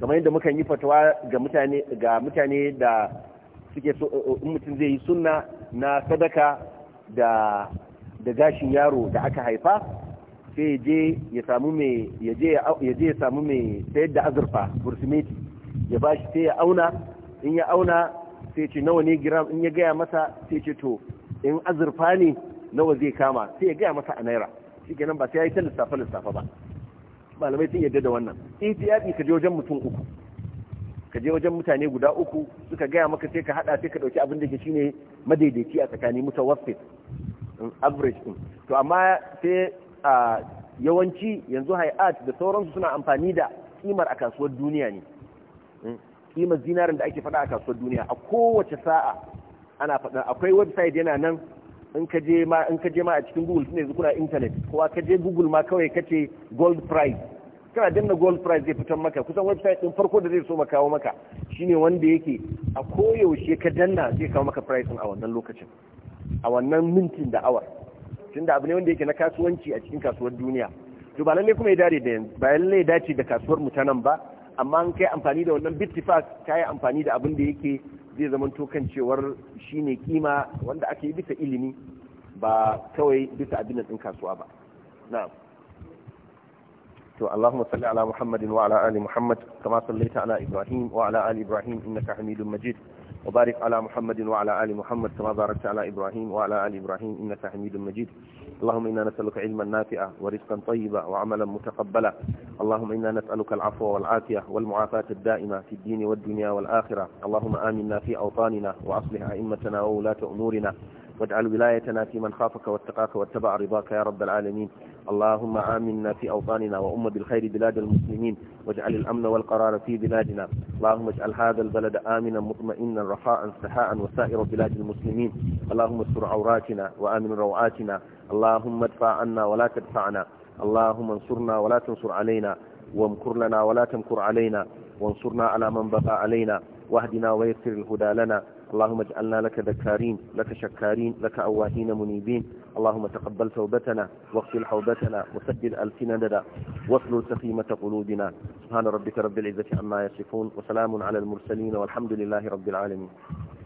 kamar yadda muka yi fatawa ga mutane ga mutane da suke so in mutum zai yi sunna na sadaka da da gashin yaro da aka haifa sai je ya samu mai ya je ya samu mai sayar da azurfa bursimeti ya bashi sai ya auna in ya auna sai ce nawa ne gram in ya gaya masa sai ce to in azurfa ne nawa zai kama sai ya gaya masa a naira shikenan ba sai ya yi ta lissafa lissafa ba malamai sun yadda da wannan ihtiyadi ka je wajen mutum uku ka je wajen mutane guda uku suka gaya maka sai ka hada sai ka dauki abin da ke shine madaidaici a tsakanin mutawassit average din to amma sai a yawanci yanzu hay'at da sauransu suna amfani da kimar a kasuwar duniya ne kimar hmm? zinarin da ake faɗa a kasuwar duniya a kowace sa'a ana fada akwai website yana nan in ka je ma in ka je ma a cikin google tunda yanzu kuna internet kowa ka je google ma kawai ka ce gold price kana danna gold price zai fitan maka kusan website din farko da zai so maka kawo maka shine wanda yake a koyaushe ka danna zai kawo maka price a wannan lokacin a wannan mintin da awar tunda abu ne wanda yake na kasuwanci a cikin kasuwar duniya to ba lalle kuma ya dare da yanzu ba lalle ya dace da kasuwar mu ta nan ba amma an kai amfani da wannan bittifax ta yi amfani da abin da yake zai zama kan cewar shi ne kima wanda ake bisa ilimi ba kawai bisa abin din kasuwa ba na to Allahumma salli ala Muhammadin wa ala ali Muhammad kama sallaita ala Ibrahim wa ala ali Ibrahim innaka Hamidum Majid وبارك على محمد وعلى آل محمد كما باركت على إبراهيم وعلى آل إبراهيم إنك حميد مجيد اللهم إنا نسألك علما نافعا ورزقا طيبا وعملا متقبلا اللهم إنا نسألك العفو والعافية والمعافاة الدائمة في الدين والدنيا والآخرة اللهم آمنا في أوطاننا وأصلح أئمتنا وولاة أمورنا واجعل ولايتنا في من خافك واتقاك واتبع رضاك يا رب العالمين اللهم آمنا في أوطاننا وأم بالخير بلاد المسلمين واجعل الأمن والقرار في بلادنا اللهم اجعل هذا البلد آمنا مطمئنا رخاء سحاء وسائر بلاد المسلمين اللهم استر عوراتنا وآمن روعاتنا اللهم ادفع عنا ولا تدفعنا اللهم انصرنا ولا تنصر علينا وامكر لنا ولا تمكر علينا وانصرنا على من بغى علينا واهدنا ويسر الهدى لنا اللهم اجعلنا لك ذكارين لك شكارين لك أواهين منيبين اللهم تقبل توبتنا واغفر حوبتنا وسجل ألسننا واصل سخيمة قلوبنا سبحان ربك رب العزة عما يصفون وسلام على المرسلين والحمد لله رب العالمين